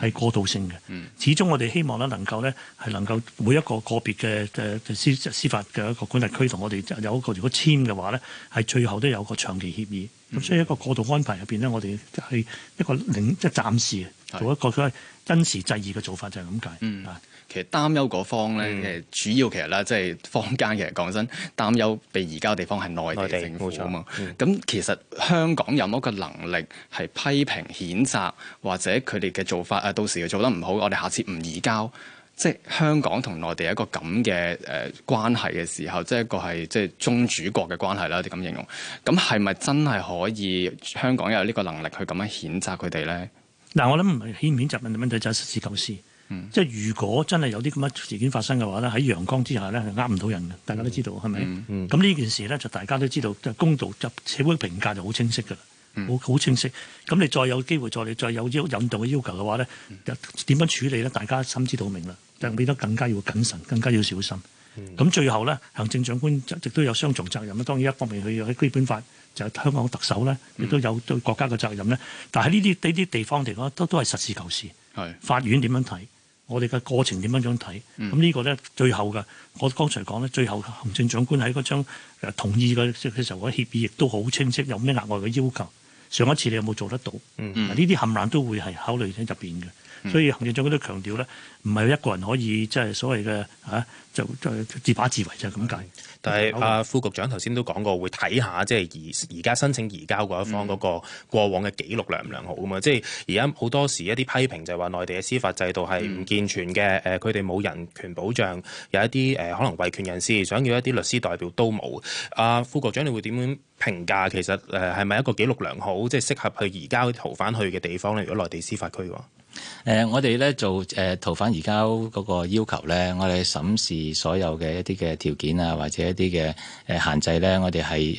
係過渡性嘅，始終我哋希望咧能夠咧係能夠每一個個別嘅誒司司法嘅一個管轄區同我哋有一個如果簽嘅話咧，係最後都有個長期協議。咁、嗯、所以一個過渡安排入邊咧，我哋係一個領即係暫時做一個是所謂因時制宜嘅做法就，就係咁解。嗯。其實擔憂嗰方咧，誒、嗯、主要其實咧，即、就、係、是、坊間其實講真，擔憂被移交嘅地方係內地政府啊嘛。咁、嗯、其實香港有冇一個能力係批評、譴責或者佢哋嘅做法？誒、啊、到時佢做得唔好，我哋下次唔移交。即、就、係、是、香港同內地有一個咁嘅誒關係嘅時候，即、就、係、是、一個係即係宗主國嘅關係啦，啲咁形容。咁係咪真係可以香港有呢個能力去咁樣譴責佢哋咧？嗱、嗯，我諗唔係譴唔譴責問題，問題就係舊事。嗯、即係如果真係有啲咁嘅事件發生嘅話咧，喺陽光之下咧係呃唔到人嘅，大家都知道係咪？咁呢件事咧就大家都知道，公道就社會評價就好清晰嘅啦，好好、嗯、清晰。咁、嗯、你再有機會再你再有要引導嘅要求嘅話咧，點樣、嗯、處理咧？大家心知肚明啦，就變得更加要謹慎，更加要小心。咁、嗯、最後咧，行政長官就亦都有雙重責任啦。當然一方面佢要喺基本法就係、香港特首咧，亦都有對國家嘅責任咧。但係呢啲呢啲地方嚟講，都都係實事求是。法院點樣睇？我哋嘅過程點樣樣睇？咁呢個咧最後嘅，我剛才講咧最後行政長官喺嗰張同意嘅嘅時候嘅協議，亦都好清晰，有咩額外嘅要求？上一次你有冇做得到？嗱呢啲冚唪唥都會係考慮喺入邊嘅。所以行政長官都強調咧，唔係一個人可以即係所謂嘅嚇、啊、就就自把自為就係咁解。但係是啊的副局長頭先都講過，會睇下即係而而家申請移交嗰一方嗰、嗯、個過往嘅記錄良唔良好啊嘛。即係而家好多時一啲批評就係話內地嘅司法制度係唔健全嘅。誒、嗯，佢哋冇人權保障，有一啲誒可能維權人士想要一啲律師代表都冇啊。副局長，你會點樣評價其實誒係咪一個記錄良好，即係適合去移交逃犯去嘅地方咧？如果內地司法區嘅話？誒、呃，我哋咧做誒、呃、逃犯，移交嗰個要求咧，我哋審視所有嘅一啲嘅條件啊，或者一啲嘅誒限制咧，我哋係誒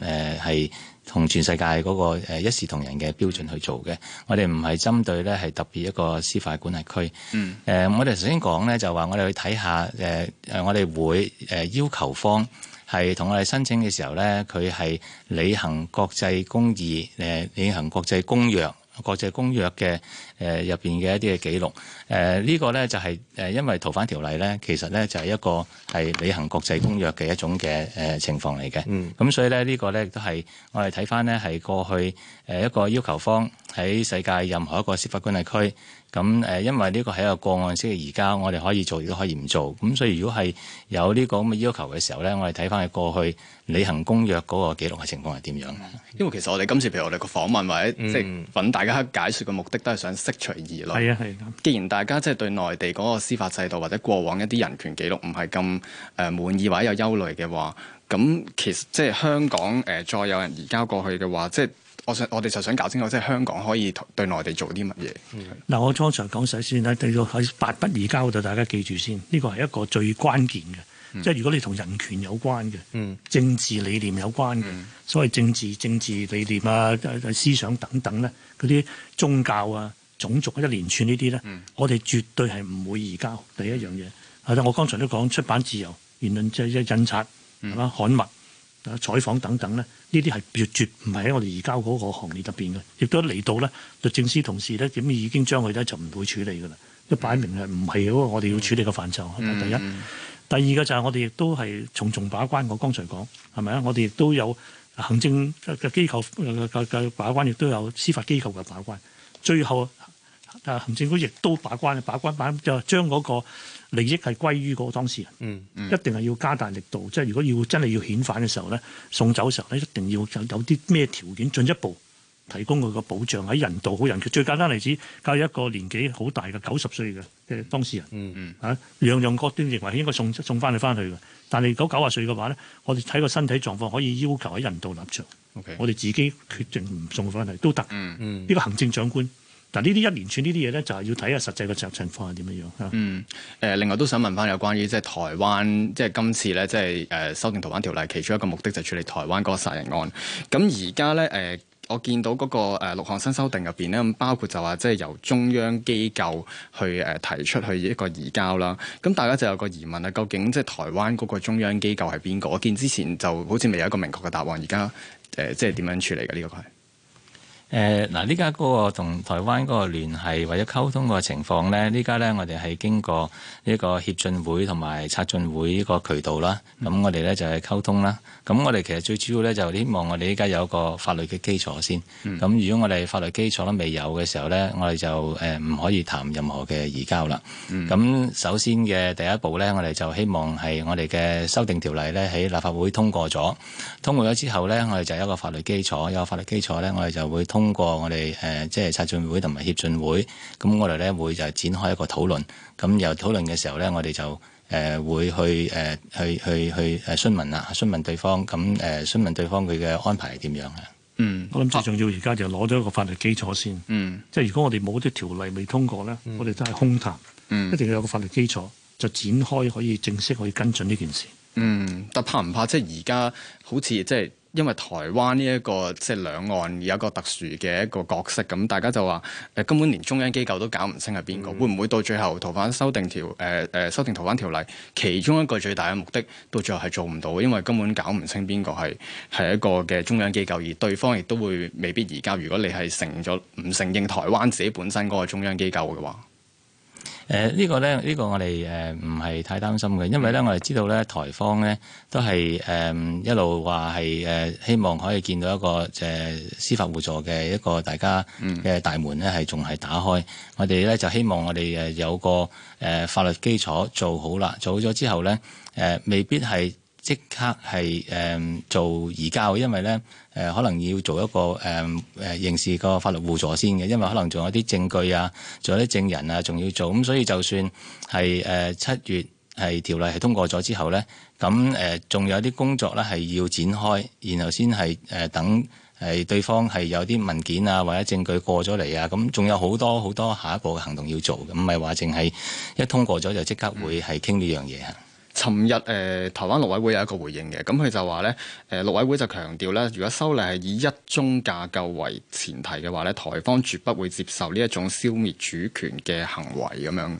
誒係同全世界嗰個誒一視同仁嘅標準去做嘅。我哋唔係針對咧係特別一個司法管轄區。嗯。誒、呃，我哋頭先講咧就話、呃，我哋去睇下誒誒，我哋會誒要求方係同我哋申請嘅時候咧，佢係履行國際公義誒、呃，履行國際公約。國際公約嘅誒入邊嘅一啲嘅記錄，誒、呃、呢、這個咧就係誒因為逃犯條例咧，其實咧就係一個係履行國際公約嘅一種嘅誒情況嚟嘅。咁、嗯、所以咧呢、這個咧亦都係我哋睇翻咧係過去誒一個要求方喺世界任何一個司法管轄區。咁誒，因為呢個係一個個案式嘅移交，我哋可以做亦都可以唔做。咁所以如果係有呢個咁嘅要求嘅時候咧，我哋睇翻佢過去履行公約嗰個記錄嘅情況係點樣？因為其實我哋今次譬如我哋個訪問或者即係揾大家解説嘅目的，都係想釋除疑慮，係啊係。既然大家即係對內地嗰個司法制度或者過往一啲人權記錄唔係咁誒滿意或者有憂慮嘅話，咁其實即係香港誒再有人移交過去嘅話，即係。我想我哋就想搞清楚，即係香港可以對內地做啲乜嘢？嗱、嗯，是我剛才講晒先啦，第個喺八不移交嗰度，大家記住先，呢個係一個最關鍵嘅，嗯、即係如果你同人權有關嘅，嗯、政治理念有關嘅，嗯、所謂政治政治理念啊、思想等等咧，嗰啲宗教啊、種族一連串呢啲咧，嗯、我哋絕對係唔會移交第一樣嘢。係、嗯、我剛才都講出版自由、言論即係印刷係嘛，刊物。啊！採訪等等咧，呢啲係絕絕唔係喺我哋移交嗰個行業入邊嘅。亦都嚟到咧律政司同事咧，咁已經將佢咧就唔會處理噶啦，都擺明係唔係嗰個我哋要處理嘅範疇，嗯係咪？第一，第二個就係我哋亦都係重重把關。我剛才講係咪啊？我哋亦都有行政嘅機構嘅嘅把關，亦都有司法機構嘅把關。最後，行政府亦都把關，把關把就將嗰個。利益係歸於嗰個當事人，嗯，嗯，一定係要加大力度。即係如果要真係要遣返嘅時候咧，送走時候咧，一定要有啲咩條件，進一步提供佢個保障喺人道好人權。最簡單例子，教一個年紀好大嘅九十歲嘅嘅當事人，嗯嗯，嚇、嗯、樣、啊、樣各端認為應該送送翻佢翻去嘅。但係如九十歲嘅話咧，我哋睇個身體狀況，可以要求喺人道立場。Okay. 我哋自己決定唔送翻去都得、嗯。嗯嗯，呢個行政長官。嗱，呢啲一連串呢啲嘢咧，就係、是、要睇下實際嘅情況係點樣樣嚇。嗯，誒、呃，另外都想問翻有關於即係台灣，即係今次咧，即係誒、呃、修訂逃犯條例，其中一個目的就係、是、處理台灣嗰個殺人案。咁而家咧，誒、呃，我見到嗰、那個、呃、六項新修訂入邊咧，咁包括就話即係由中央機構去誒、呃、提出去一個移交啦。咁大家就有個疑問啦，究竟即係台灣嗰個中央機構係邊個？我見之前就好似未有一個明確嘅答案，而家誒即係點樣處理嘅呢、這個係？誒嗱，呢家嗰個同台灣嗰個聯繫或者溝通個情況咧，呢家咧我哋係經過呢個協進會同埋策進會呢個渠道啦。咁我哋咧就係、是、溝通啦。咁我哋其實最主要咧就希望我哋依家有個法律嘅基礎先。咁、嗯、如果我哋法律基礎都未有嘅時候咧，我哋就誒唔可以談任何嘅移交啦。咁、嗯、首先嘅第一步咧，我哋就希望係我哋嘅修訂條例咧喺立法會通過咗。通過咗之後咧，我哋就有一個法律基礎，有法律基礎咧，我哋就會通過我哋誒、呃，即係策進會同埋協進會，咁我哋咧會就展開一個討論，咁又討論嘅時候咧，我哋就誒會去誒、呃、去去去誒詢問啊，詢問對方，咁誒詢問對方佢嘅安排係點樣、嗯、啊？嗯，我諗最重要而家就攞咗一個法律基礎先。嗯，即係如果我哋冇啲條例未通過咧，我哋都係空談。嗯，嗯一定要有個法律基礎，就展開可以正式可以跟進呢件事。嗯，但怕唔怕即係而家好似即係？即因為台灣呢一個即係兩岸有一個特殊嘅一個角色，咁大家就話誒根本連中央機構都搞唔清係邊個，會唔會到最後逃犯修訂條誒誒修訂逃犯條例，其中一個最大嘅目的，到最後係做唔到，因為根本搞唔清邊個係係一個嘅中央機構，而對方亦都會未必移交。如果你係承咗唔承認台灣自己本身嗰個中央機構嘅話。誒呢個咧，呢個我哋誒唔係太擔心嘅，因為咧我哋知道咧台方咧都係誒一路話係誒希望可以見到一個誒司法互助嘅一個大家嘅大門咧係仲係打開，嗯、我哋咧就希望我哋誒有個誒法律基礎做好啦，做好咗之後咧誒未必係即刻係誒做移交，因為咧誒可能要做一個誒誒刑事個法律互助先嘅，因為可能仲有啲證據啊，仲有啲證人啊，仲要做。咁所以就算係誒七月係條例係通過咗之後咧，咁誒仲有啲工作咧係要展開，然後先係誒等係對方係有啲文件啊或者證據過咗嚟啊，咁仲有好多好多下一步嘅行動要做嘅，唔係話淨係一通過咗就即刻會係傾呢樣嘢嚇。尋日誒、呃、台灣陸委會有一個回應嘅，咁佢就話咧誒陸委會就強調咧，如果修例係以一中架構為前提嘅話咧，台方絕不會接受呢一種消滅主權嘅行為咁樣。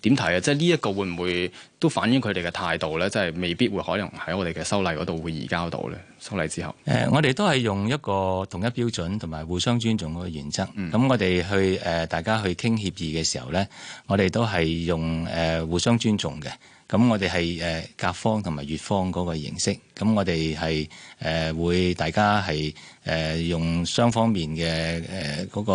點睇啊？即係呢一個會唔會都反映佢哋嘅態度咧？即係未必會可能喺我哋嘅修例嗰度會移交到咧修例之後。誒、呃，我哋都係用一個同一標準同埋互相尊重嗰個原則，咁、嗯、我哋去誒、呃、大家去傾協議嘅時候咧，我哋都係用誒互相尊重嘅。咁我哋係誒甲方同埋乙方嗰個形式，咁我哋係誒會大家係誒、呃、用雙方面嘅誒嗰個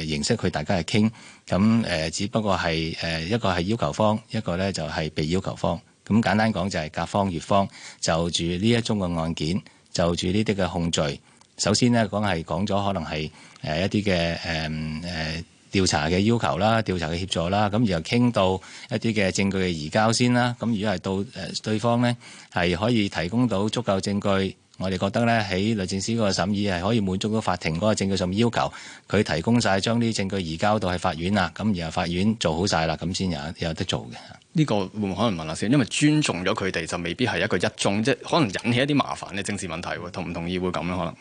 誒形式去大家係傾，咁誒、呃、只不過係誒、呃、一個係要求方，一個咧就係、是、被要求方。咁簡單講就係甲方、乙方就住呢一宗嘅案件，就住呢啲嘅控罪。首先咧講係講咗可能係誒一啲嘅誒誒。呃呃調查嘅要求啦，調查嘅協助啦，咁然後傾到一啲嘅證據嘅移交先啦。咁如果係到誒對方呢，係可以提供到足夠證據，我哋覺得呢，喺律政司嗰個審議係可以滿足到法庭嗰個證據上面要求，佢提供晒，將啲證據移交到係法院啊。咁然後法院做好晒啦，咁先有有得做嘅。呢個會唔會可能問下先？因為尊重咗佢哋就未必係一個一中，即係可能引起一啲麻煩嘅政治問題喎。同唔同意會咁樣？可能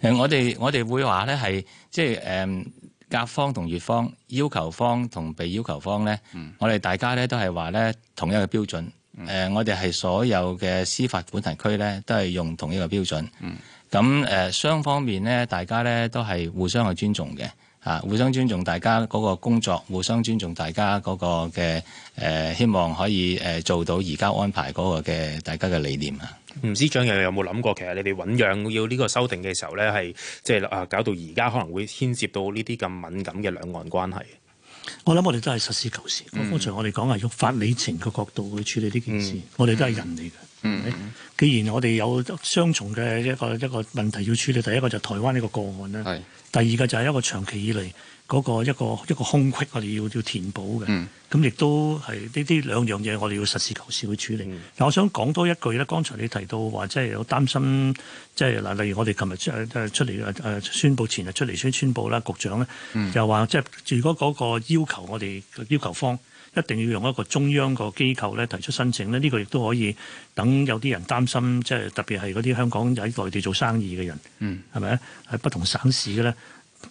誒、嗯，我哋我哋會話呢係即係誒。嗯甲方同乙方，要求方同被要求方咧，嗯、我哋大家咧都係話咧同一個標準。誒、嗯呃，我哋係所有嘅司法管轄區咧都係用同一個標準。咁誒、嗯，雙、呃、方面咧，大家咧都係互相去尊重嘅啊，互相尊重，大家嗰個工作互相尊重，大家嗰個嘅誒、呃，希望可以誒做到而家安排嗰個嘅大家嘅理念啊。唔知張司長又有冇諗過，其實你哋醞釀要呢個修訂嘅時候咧，係即係啊，就是、搞到而家可能會牽涉到呢啲咁敏感嘅兩岸關係。我諗我哋都係實事求是。剛才、mm hmm. 我哋講係用法理情嘅角度去處理呢件事，mm hmm. 我哋都係人嚟嘅。嗯、mm hmm.，既然我哋有雙重嘅一個一個問題要處理，第一個就台灣呢個個案咧，是第二個就係一個長期以嚟。嗰個一個一個空隙，我哋要要填補嘅，咁亦、嗯、都係呢啲兩樣嘢，我哋要實事求是去處理。嗱、嗯，但我想講多一句咧，剛才你提到話，即係有擔心，即係嗱，例如我哋琴日出嚟誒誒宣布前日出嚟先宣布啦，局長咧，就話即係如果嗰個要求我，我哋要求方一定要用一個中央個機構咧提出申請咧，呢、呢個亦都可以等有啲人擔心，即、就、係、是、特別係嗰啲香港喺內地做生意嘅人，嗯，係咪喺不同省市嘅咧。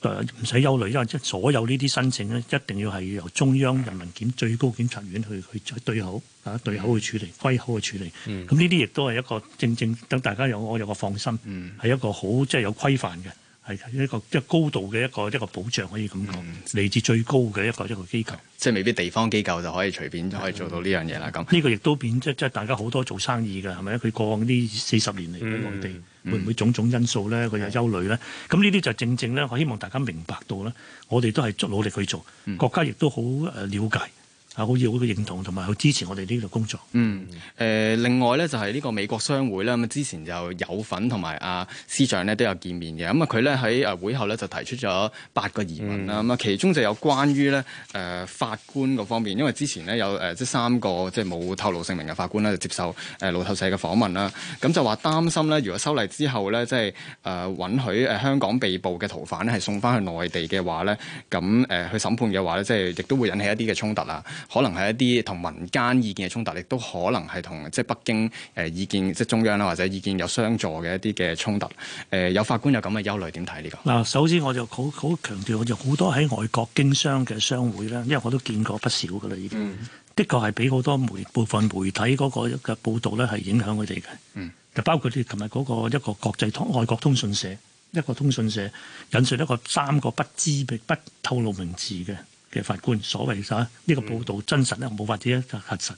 誒唔使憂慮，因為即係所有呢啲申請咧，一定要係由中央人民檢、嗯、最高檢察院去去對口嚇對口去處理，歸口去處理。咁呢啲亦都係一個正正等大家有我有個放心，係一個好即係有規範嘅。係一個即係高度嘅一個一個保障，可以咁講嚟自最高嘅一個一個機構，即係未必地方機構就可以隨便就可以做到呢樣嘢啦。咁呢、嗯呢個亦都變即即係大家好多做生意嘅，係咪？佢過往呢四十年嚟嘅內地，嗯、會唔會種種因素咧？佢、嗯、有憂慮咧？咁呢啲就正正咧，我希望大家明白到咧，我哋都係盡努力去做，國家亦都好誒瞭解。嗯啊，好要好多認同同埋好支持我哋呢度工作。嗯，誒、呃、另外咧就係呢個美國商會啦。咁啊之前就有份同埋啊司長咧都有見面嘅。咁啊佢咧喺啊會後咧就提出咗八個疑問啦。咁啊、嗯、其中就有關於咧誒、呃、法官嗰方面，因為之前咧有誒即、呃、三個即冇透露姓名嘅法官咧就接受誒路透社嘅訪問啦。咁、嗯、就話擔心咧，如果修例之後咧，即係誒、呃、允許誒香港被捕嘅逃犯咧係送翻去內地嘅話咧，咁誒去審判嘅話咧，即係亦都會引起一啲嘅衝突啊。可能係一啲同民間意見嘅衝突，亦都可能係同即係北京誒意見，即係中央啦，或者意見有相助嘅一啲嘅衝突。誒、呃、有法官有咁嘅憂慮，點睇呢個？嗱，首先我就好好強調，我就有好多喺外國經商嘅商會啦，因為我都見過不少噶啦，已經、嗯、的確係俾好多媒部分媒體嗰個嘅報道咧，係影響佢哋嘅。嗯，就包括你琴日嗰個一個國際通外國通訊社一個通訊社引述一個三個不知名不透露名字嘅。嘅法官，所謂啊呢、這個報道真實咧，冇、嗯、法子啊核實，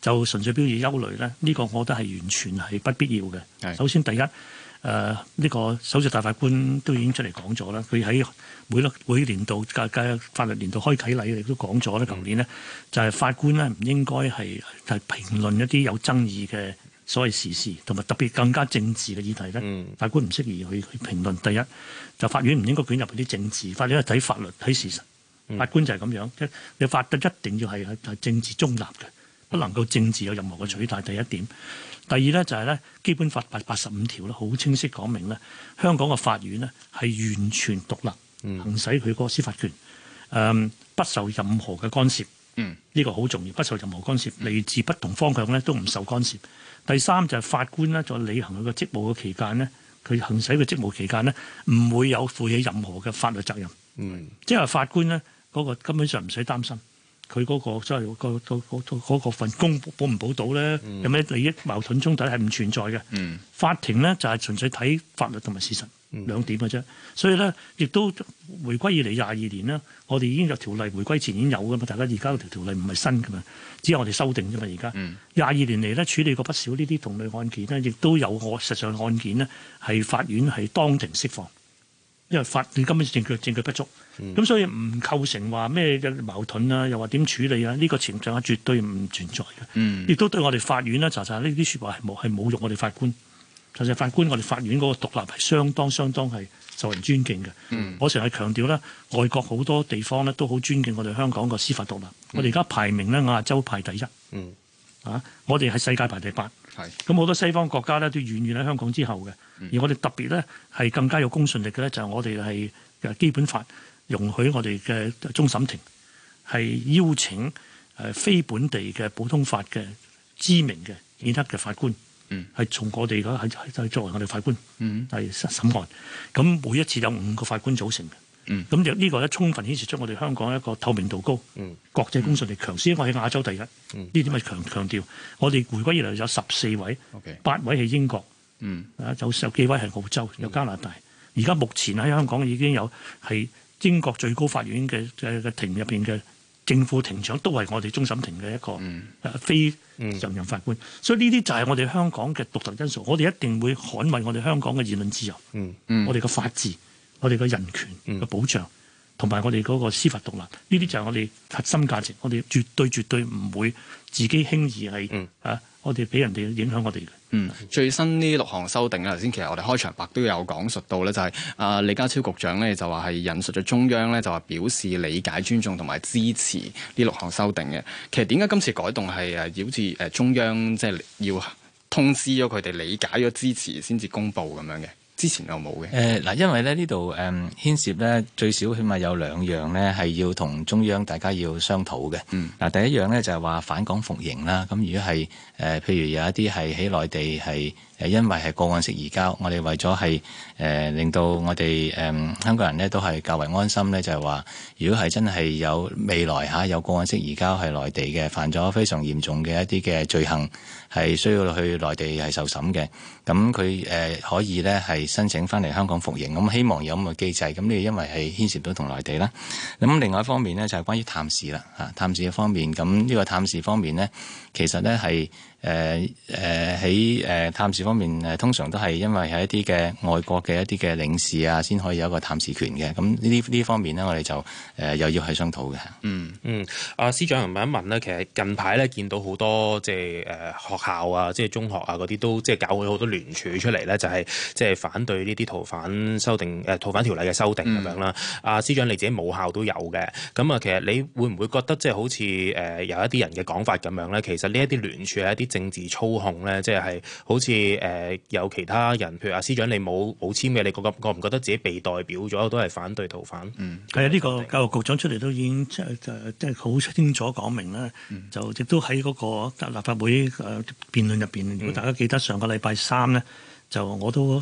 就純粹表示憂慮咧。呢、這個我覺得係完全係不必要嘅。是首先第一，誒、呃、呢、這個首席大法官都已經出嚟講咗啦，佢喺每個每年度嘅嘅法律年度開啓禮亦都講咗啦。舊年呢，嗯、就係法官咧唔應該係係評論一啲有爭議嘅所謂時事，同埋特別更加政治嘅議題咧，嗯、法官唔適宜去去評論。第一就是、法院唔應該捲入啲政治，法院係睇法律睇事實。嗯、法官就係咁樣，你法得一定要係係政治中立嘅，不能夠政治有任何嘅取代。第一點，第二咧就係咧，《基本法》八八十五條，咧，好清晰講明咧，香港嘅法院呢係完全獨立，嗯、行使佢嗰個司法權，誒、呃、不受任何嘅干涉。嗯，呢個好重要，不受任何干涉，嚟自不同方向咧都唔受干涉。第三就係、是、法官咧，在履行佢嘅職務嘅期間呢，佢行使嘅職務期間呢，唔會有負起任何嘅法律責任。嗯、即係法官咧。嗰個根本上唔使擔心，佢嗰個即係、嗰個嗰個嗰個、份工保唔保到咧，嗯、有咩利益矛盾衝突係唔存在嘅。嗯、法庭咧就係、是、純粹睇法律同埋事實兩點嘅啫。所以咧，亦都回歸以嚟廿二年啦。我哋已經有條例，回歸前已經有噶嘛。大家而家條條例唔係新噶嘛，只係我哋修訂啫嘛。而家廿二年嚟咧，處理過不少呢啲同類案件咧，亦都有我實上案件呢，係法院係當庭釋放。因為法院根本證據證據不足，咁、嗯、所以唔構成話咩嘅矛盾啦，又話點處理啊？呢、呢個情況絕對唔存在嘅，亦、嗯、都對我哋法院咧，查查呢啲説話係冇係侮辱我哋法官，就係法官我哋法院嗰個獨立係相當相當係受人尊敬嘅。嗯、我成日強調咧，外國好多地方咧都好尊敬我哋香港個司法獨立，我哋而家排名咧亞洲排第一，嗯、啊，我哋係世界排第八。係，咁好多西方國家咧都遠遠喺香港之後嘅，而我哋特別咧係更加有公信力嘅咧，就係我哋係嘅基本法容許我哋嘅終審庭係邀請誒非本地嘅普通法嘅知名嘅顯赫嘅法官，係從我哋而家作為我哋法官係審案，咁每一次有五個法官組成嘅。嗯，咁就呢個咧，充分顯示出我哋香港一個透明度高，國際公信力強。先因為我係亞洲第一，呢點係強強調。我哋回歸以來有十四位，八位係英國，啊有有幾位係澳洲，有加拿大。而家目前喺香港已經有係英國最高法院嘅嘅庭入邊嘅政府庭長，都係我哋終審庭嘅一個非常任法官。所以呢啲就係我哋香港嘅獨特因素。我哋一定會捍衞我哋香港嘅言論自由，我哋嘅法治。我哋嘅人權嘅、嗯、保障，同埋我哋嗰個司法獨立，呢啲就係我哋核心價值。我哋絕對絕對唔會自己輕易係、嗯、啊，我哋俾人哋影響我哋。嗯，最新呢六項修訂咧，頭先其實我哋開場白都有講述到咧，就係、是、啊、呃、李家超局長咧就話係引述咗中央咧就話表示理解、尊重同埋支持呢六項修訂嘅。其實點解今次改動係誒好似誒中央即係要通知咗佢哋理解咗支持先至公布咁樣嘅？之前又冇嘅。誒嗱、呃，因為咧呢度誒、嗯、牽涉咧最少起碼有兩樣咧，係要同中央大家要商討嘅。嗯。嗱，第一樣咧就係、是、話返港服刑啦。咁如果係誒、呃、譬如有一啲係喺內地係係因為係個案式移交，我哋為咗係誒令到我哋誒、呃、香港人咧都係較為安心咧，就係、是、話如果係真係有未來嚇有個案式移交係內地嘅，犯咗非常嚴重嘅一啲嘅罪行。係需要去內地係受審嘅，咁佢誒可以咧係申請翻嚟香港服刑，咁希望有咁嘅機制，咁呢個因為係牽涉到同內地啦。咁另外一方面咧就係、是、關於探視啦，嚇探視嘅方面，咁呢個探視方面咧其實咧係。誒誒喺誒探視方面誒，通常都係因為係一啲嘅外國嘅一啲嘅領事啊，先可以有一個探視權嘅。咁呢呢方面呢，我哋就誒、呃、又要係商討嘅。嗯嗯，阿司長問一問呢？其實近排咧見到好多即係誒學校啊，即係中學啊嗰啲都即係搞咗好多聯署出嚟咧，就係即係反對呢啲逃犯修訂誒逃犯條例嘅修訂咁樣啦。阿司長你自己母校都有嘅，咁啊，其實你會唔會覺得即係好似誒有一啲人嘅講法咁樣咧？其實呢一啲聯署係一啲。政治操控咧，即係好似誒有其他人，譬如阿司長，你冇冇簽嘅，你覺覺唔覺得自己被代表咗？都係反對逃犯。嗯，係啊，呢個教育局長出嚟都已經即係即係好清楚講明啦。嗯、就亦都喺嗰個立法會誒辯論入邊，如果大家記得上個禮拜三咧。嗯呢就我都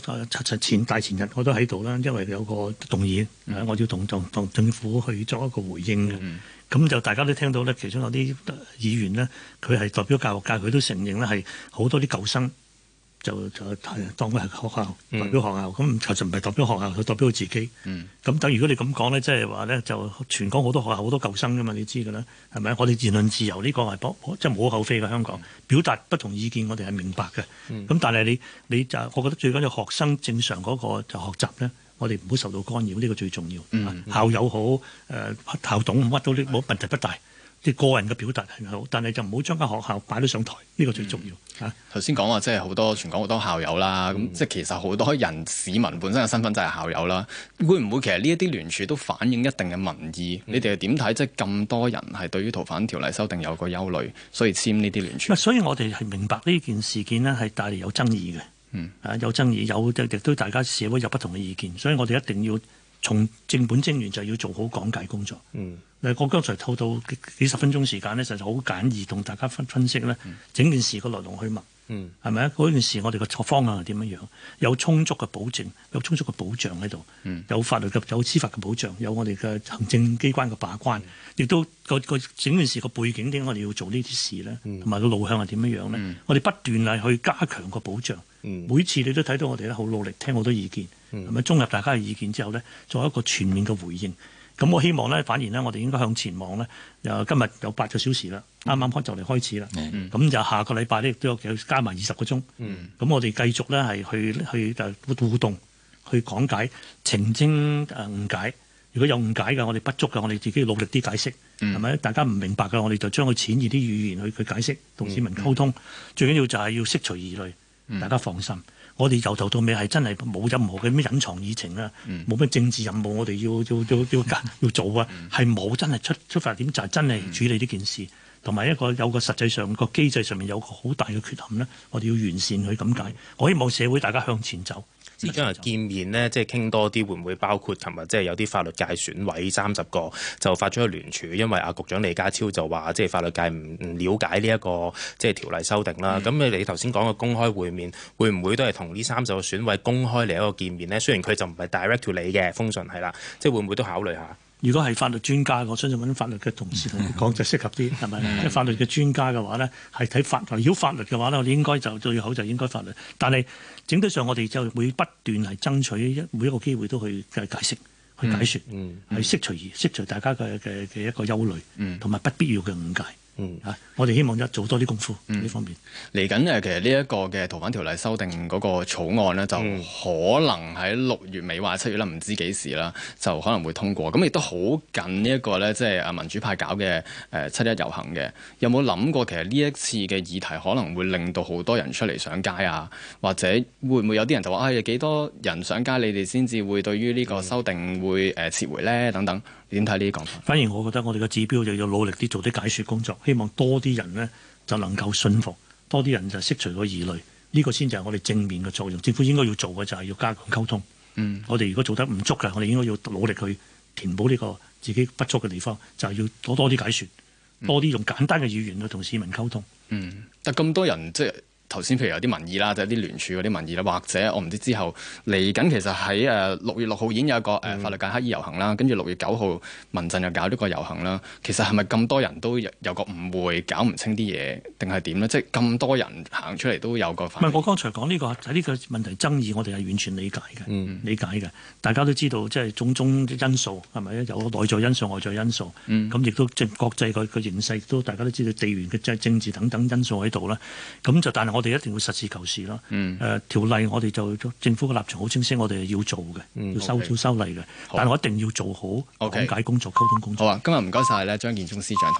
前大前日我都喺度啦，因為有個動議，嗯、我要同同同政府去作一個回應。嘅、嗯。咁就大家都聽到咧，其中有啲議員咧，佢係代表教育界，佢都承認咧係好多啲救生。就就係當佢係學校代表學校，咁其實唔係代表學校，佢代表自己。咁等係如果你咁講咧，即係話咧，就是、全港好多學校好多舊生噶嘛，你知噶啦，係咪？我哋言論自由呢個係即係無可厚非嘅香港，表達不同意見我哋係明白嘅。咁、嗯、但係你你就我覺得最緊要學生正常嗰個就學習咧，我哋唔好受到干擾，呢、呢個最重要。嗯嗯嗯、校友好，誒校董乜都啲冇問題不大。即個人嘅表達係好，但係就唔好將間學校擺到上台，呢、嗯、個最重要嚇。頭先講話即係好多全港好多校友啦，咁、嗯、即係其實好多人市民本身嘅身份就係校友啦。會唔會其實呢一啲聯署都反映一定嘅民意？嗯、你哋係點睇？即係咁多人係對於逃犯條例修訂有個憂慮，所以簽呢啲聯署？嗯、所以我哋係明白呢件事件呢係帶嚟有爭議嘅，嗯，係、啊、有爭議，有亦都，有都，有都有大家社會有不同嘅意見，所以我哋一定要。從正本清源就要做好講解工作。嗯，嗱，我剛才透到幾十分鐘時間咧，實在好簡易同大家分分析咧，整件事嘅來龍去脈。嗯，係咪啊？嗰件事我哋個方案係點樣樣？有充足嘅保證，有充足嘅保障喺度。嗯，有法律嘅有司法嘅保障，有我哋嘅行政機關嘅把關，亦、嗯、都個個整件事個背景點解我哋要做呢啲事咧，同埋個路向係點樣樣咧？嗯、我哋不斷係去加強個保障。嗯、每次你都睇到我哋咧好努力，聽好多意見，咁啊綜合大家嘅意見之後咧，做一個全面嘅回應。咁我希望咧，反而咧，我哋應該向前望咧。今日有八個小時啦，啱啱開就嚟開始啦。咁、嗯、就下個禮拜咧，亦都有加埋二十個鐘。咁、嗯、我哋繼續咧，係去去就互動，去講解澄清誒誤解。呃嗯、如果有誤解嘅，我哋不足嘅，我哋自己要努力啲解釋，係咪、嗯？大家唔明白嘅，我哋就將佢淺易啲語言去去解釋，同市民溝通。嗯嗯、最緊要就係要釋除疑慮，大家放心。我哋由頭到尾係真係冇任何嘅咩隱藏議程，啦，冇咩政治任務我哋要 [LAUGHS] 要要要要做啊，係冇，真係出出發點就係、是、真係處理呢件事，同埋、嗯、一個有一個實際上個機制上面有個好大嘅缺陷咧，我哋要完善佢咁解。嗯、我希望社會大家向前走。將來見面呢，即係傾多啲，會唔會包括琴日即係有啲法律界選委三十個就發出去聯署，因為阿局長李家超就話，即係法律界唔唔了解呢一個即係條例修訂啦。咁、嗯、你你頭先講嘅公開會面，會唔會都係同呢三十個選委公開嚟一個見面呢？雖然佢就唔係 direct to 你嘅封信係啦，即係會唔會都考慮下？如果係法律專家，我相信法律嘅同事同你講 [LAUGHS] 就適合啲，係咪？即 [LAUGHS] 法律嘅專家嘅話咧，係睇法，法律。如果法律嘅話咧，我哋應該就最好就應該法律。但係整體上，我哋就會不斷係爭取一每一個機會都去解釋、去解説，係釋、嗯嗯、除而釋除大家嘅嘅嘅一個憂慮，同埋、嗯、不必要嘅誤解。嗯啊，我哋希望一做多啲功夫喺呢、嗯、方面。嚟緊誒，其實呢一個嘅逃犯條例修訂嗰個草案呢，嗯、就可能喺六月尾或者七月啦，唔知幾時啦，就可能會通過。咁、嗯、亦、嗯、都好近呢一個呢，即、就、係、是、民主派搞嘅誒七一遊行嘅，有冇諗過其實呢一次嘅議題可能會令到好多人出嚟上街啊？或者會唔會有啲人就話誒幾多人上街，你哋先至會對於呢個修訂會誒撤回呢？嗯嗯嗯嗯、等等。點睇呢啲講法？反而我覺得我哋嘅指標就要努力啲做啲解説工作，希望多啲人呢，就能夠信服，多啲人就釋除個疑慮，呢、呢個先就係我哋正面嘅作用。政府應該要做嘅就係、是、要加強溝通。嗯，我哋如果做得唔足嘅，我哋應該要努力去填補呢個自己不足嘅地方，就係、是、要攞多啲解説，多啲用簡單嘅語言去同市民溝通。嗯，但咁多人即係。頭先譬如有啲民意啦，就係、是、啲聯署嗰啲民意啦，或者我唔知之後嚟緊，其實喺誒六月六號已經有一個誒法律界黑衣遊行啦，跟住六月九號民陣又搞呢個遊行啦。其實係咪咁多人都有個誤會搞，搞唔清啲嘢定係點呢？即係咁多人行出嚟都有個唔係我剛才講呢、這個喺呢、這個這個問題爭議，我哋係完全理解嘅，嗯、理解嘅。大家都知道即係、就是、種種因素係咪有內在因素、外在因素，咁亦、嗯、都即係、就是、國際個形勢都大家都知道地緣嘅政政治等等因素喺度啦。咁就但係。我哋一定要實事求是咯。誒、嗯呃、條例我，我哋就政府嘅立場好清晰，我哋係要做嘅，嗯、要修條修例嘅。okay. 但我一定要做好講 Okay. 解工作、溝通工作。Okay. 好啊，今日唔該晒咧，張建宗司長。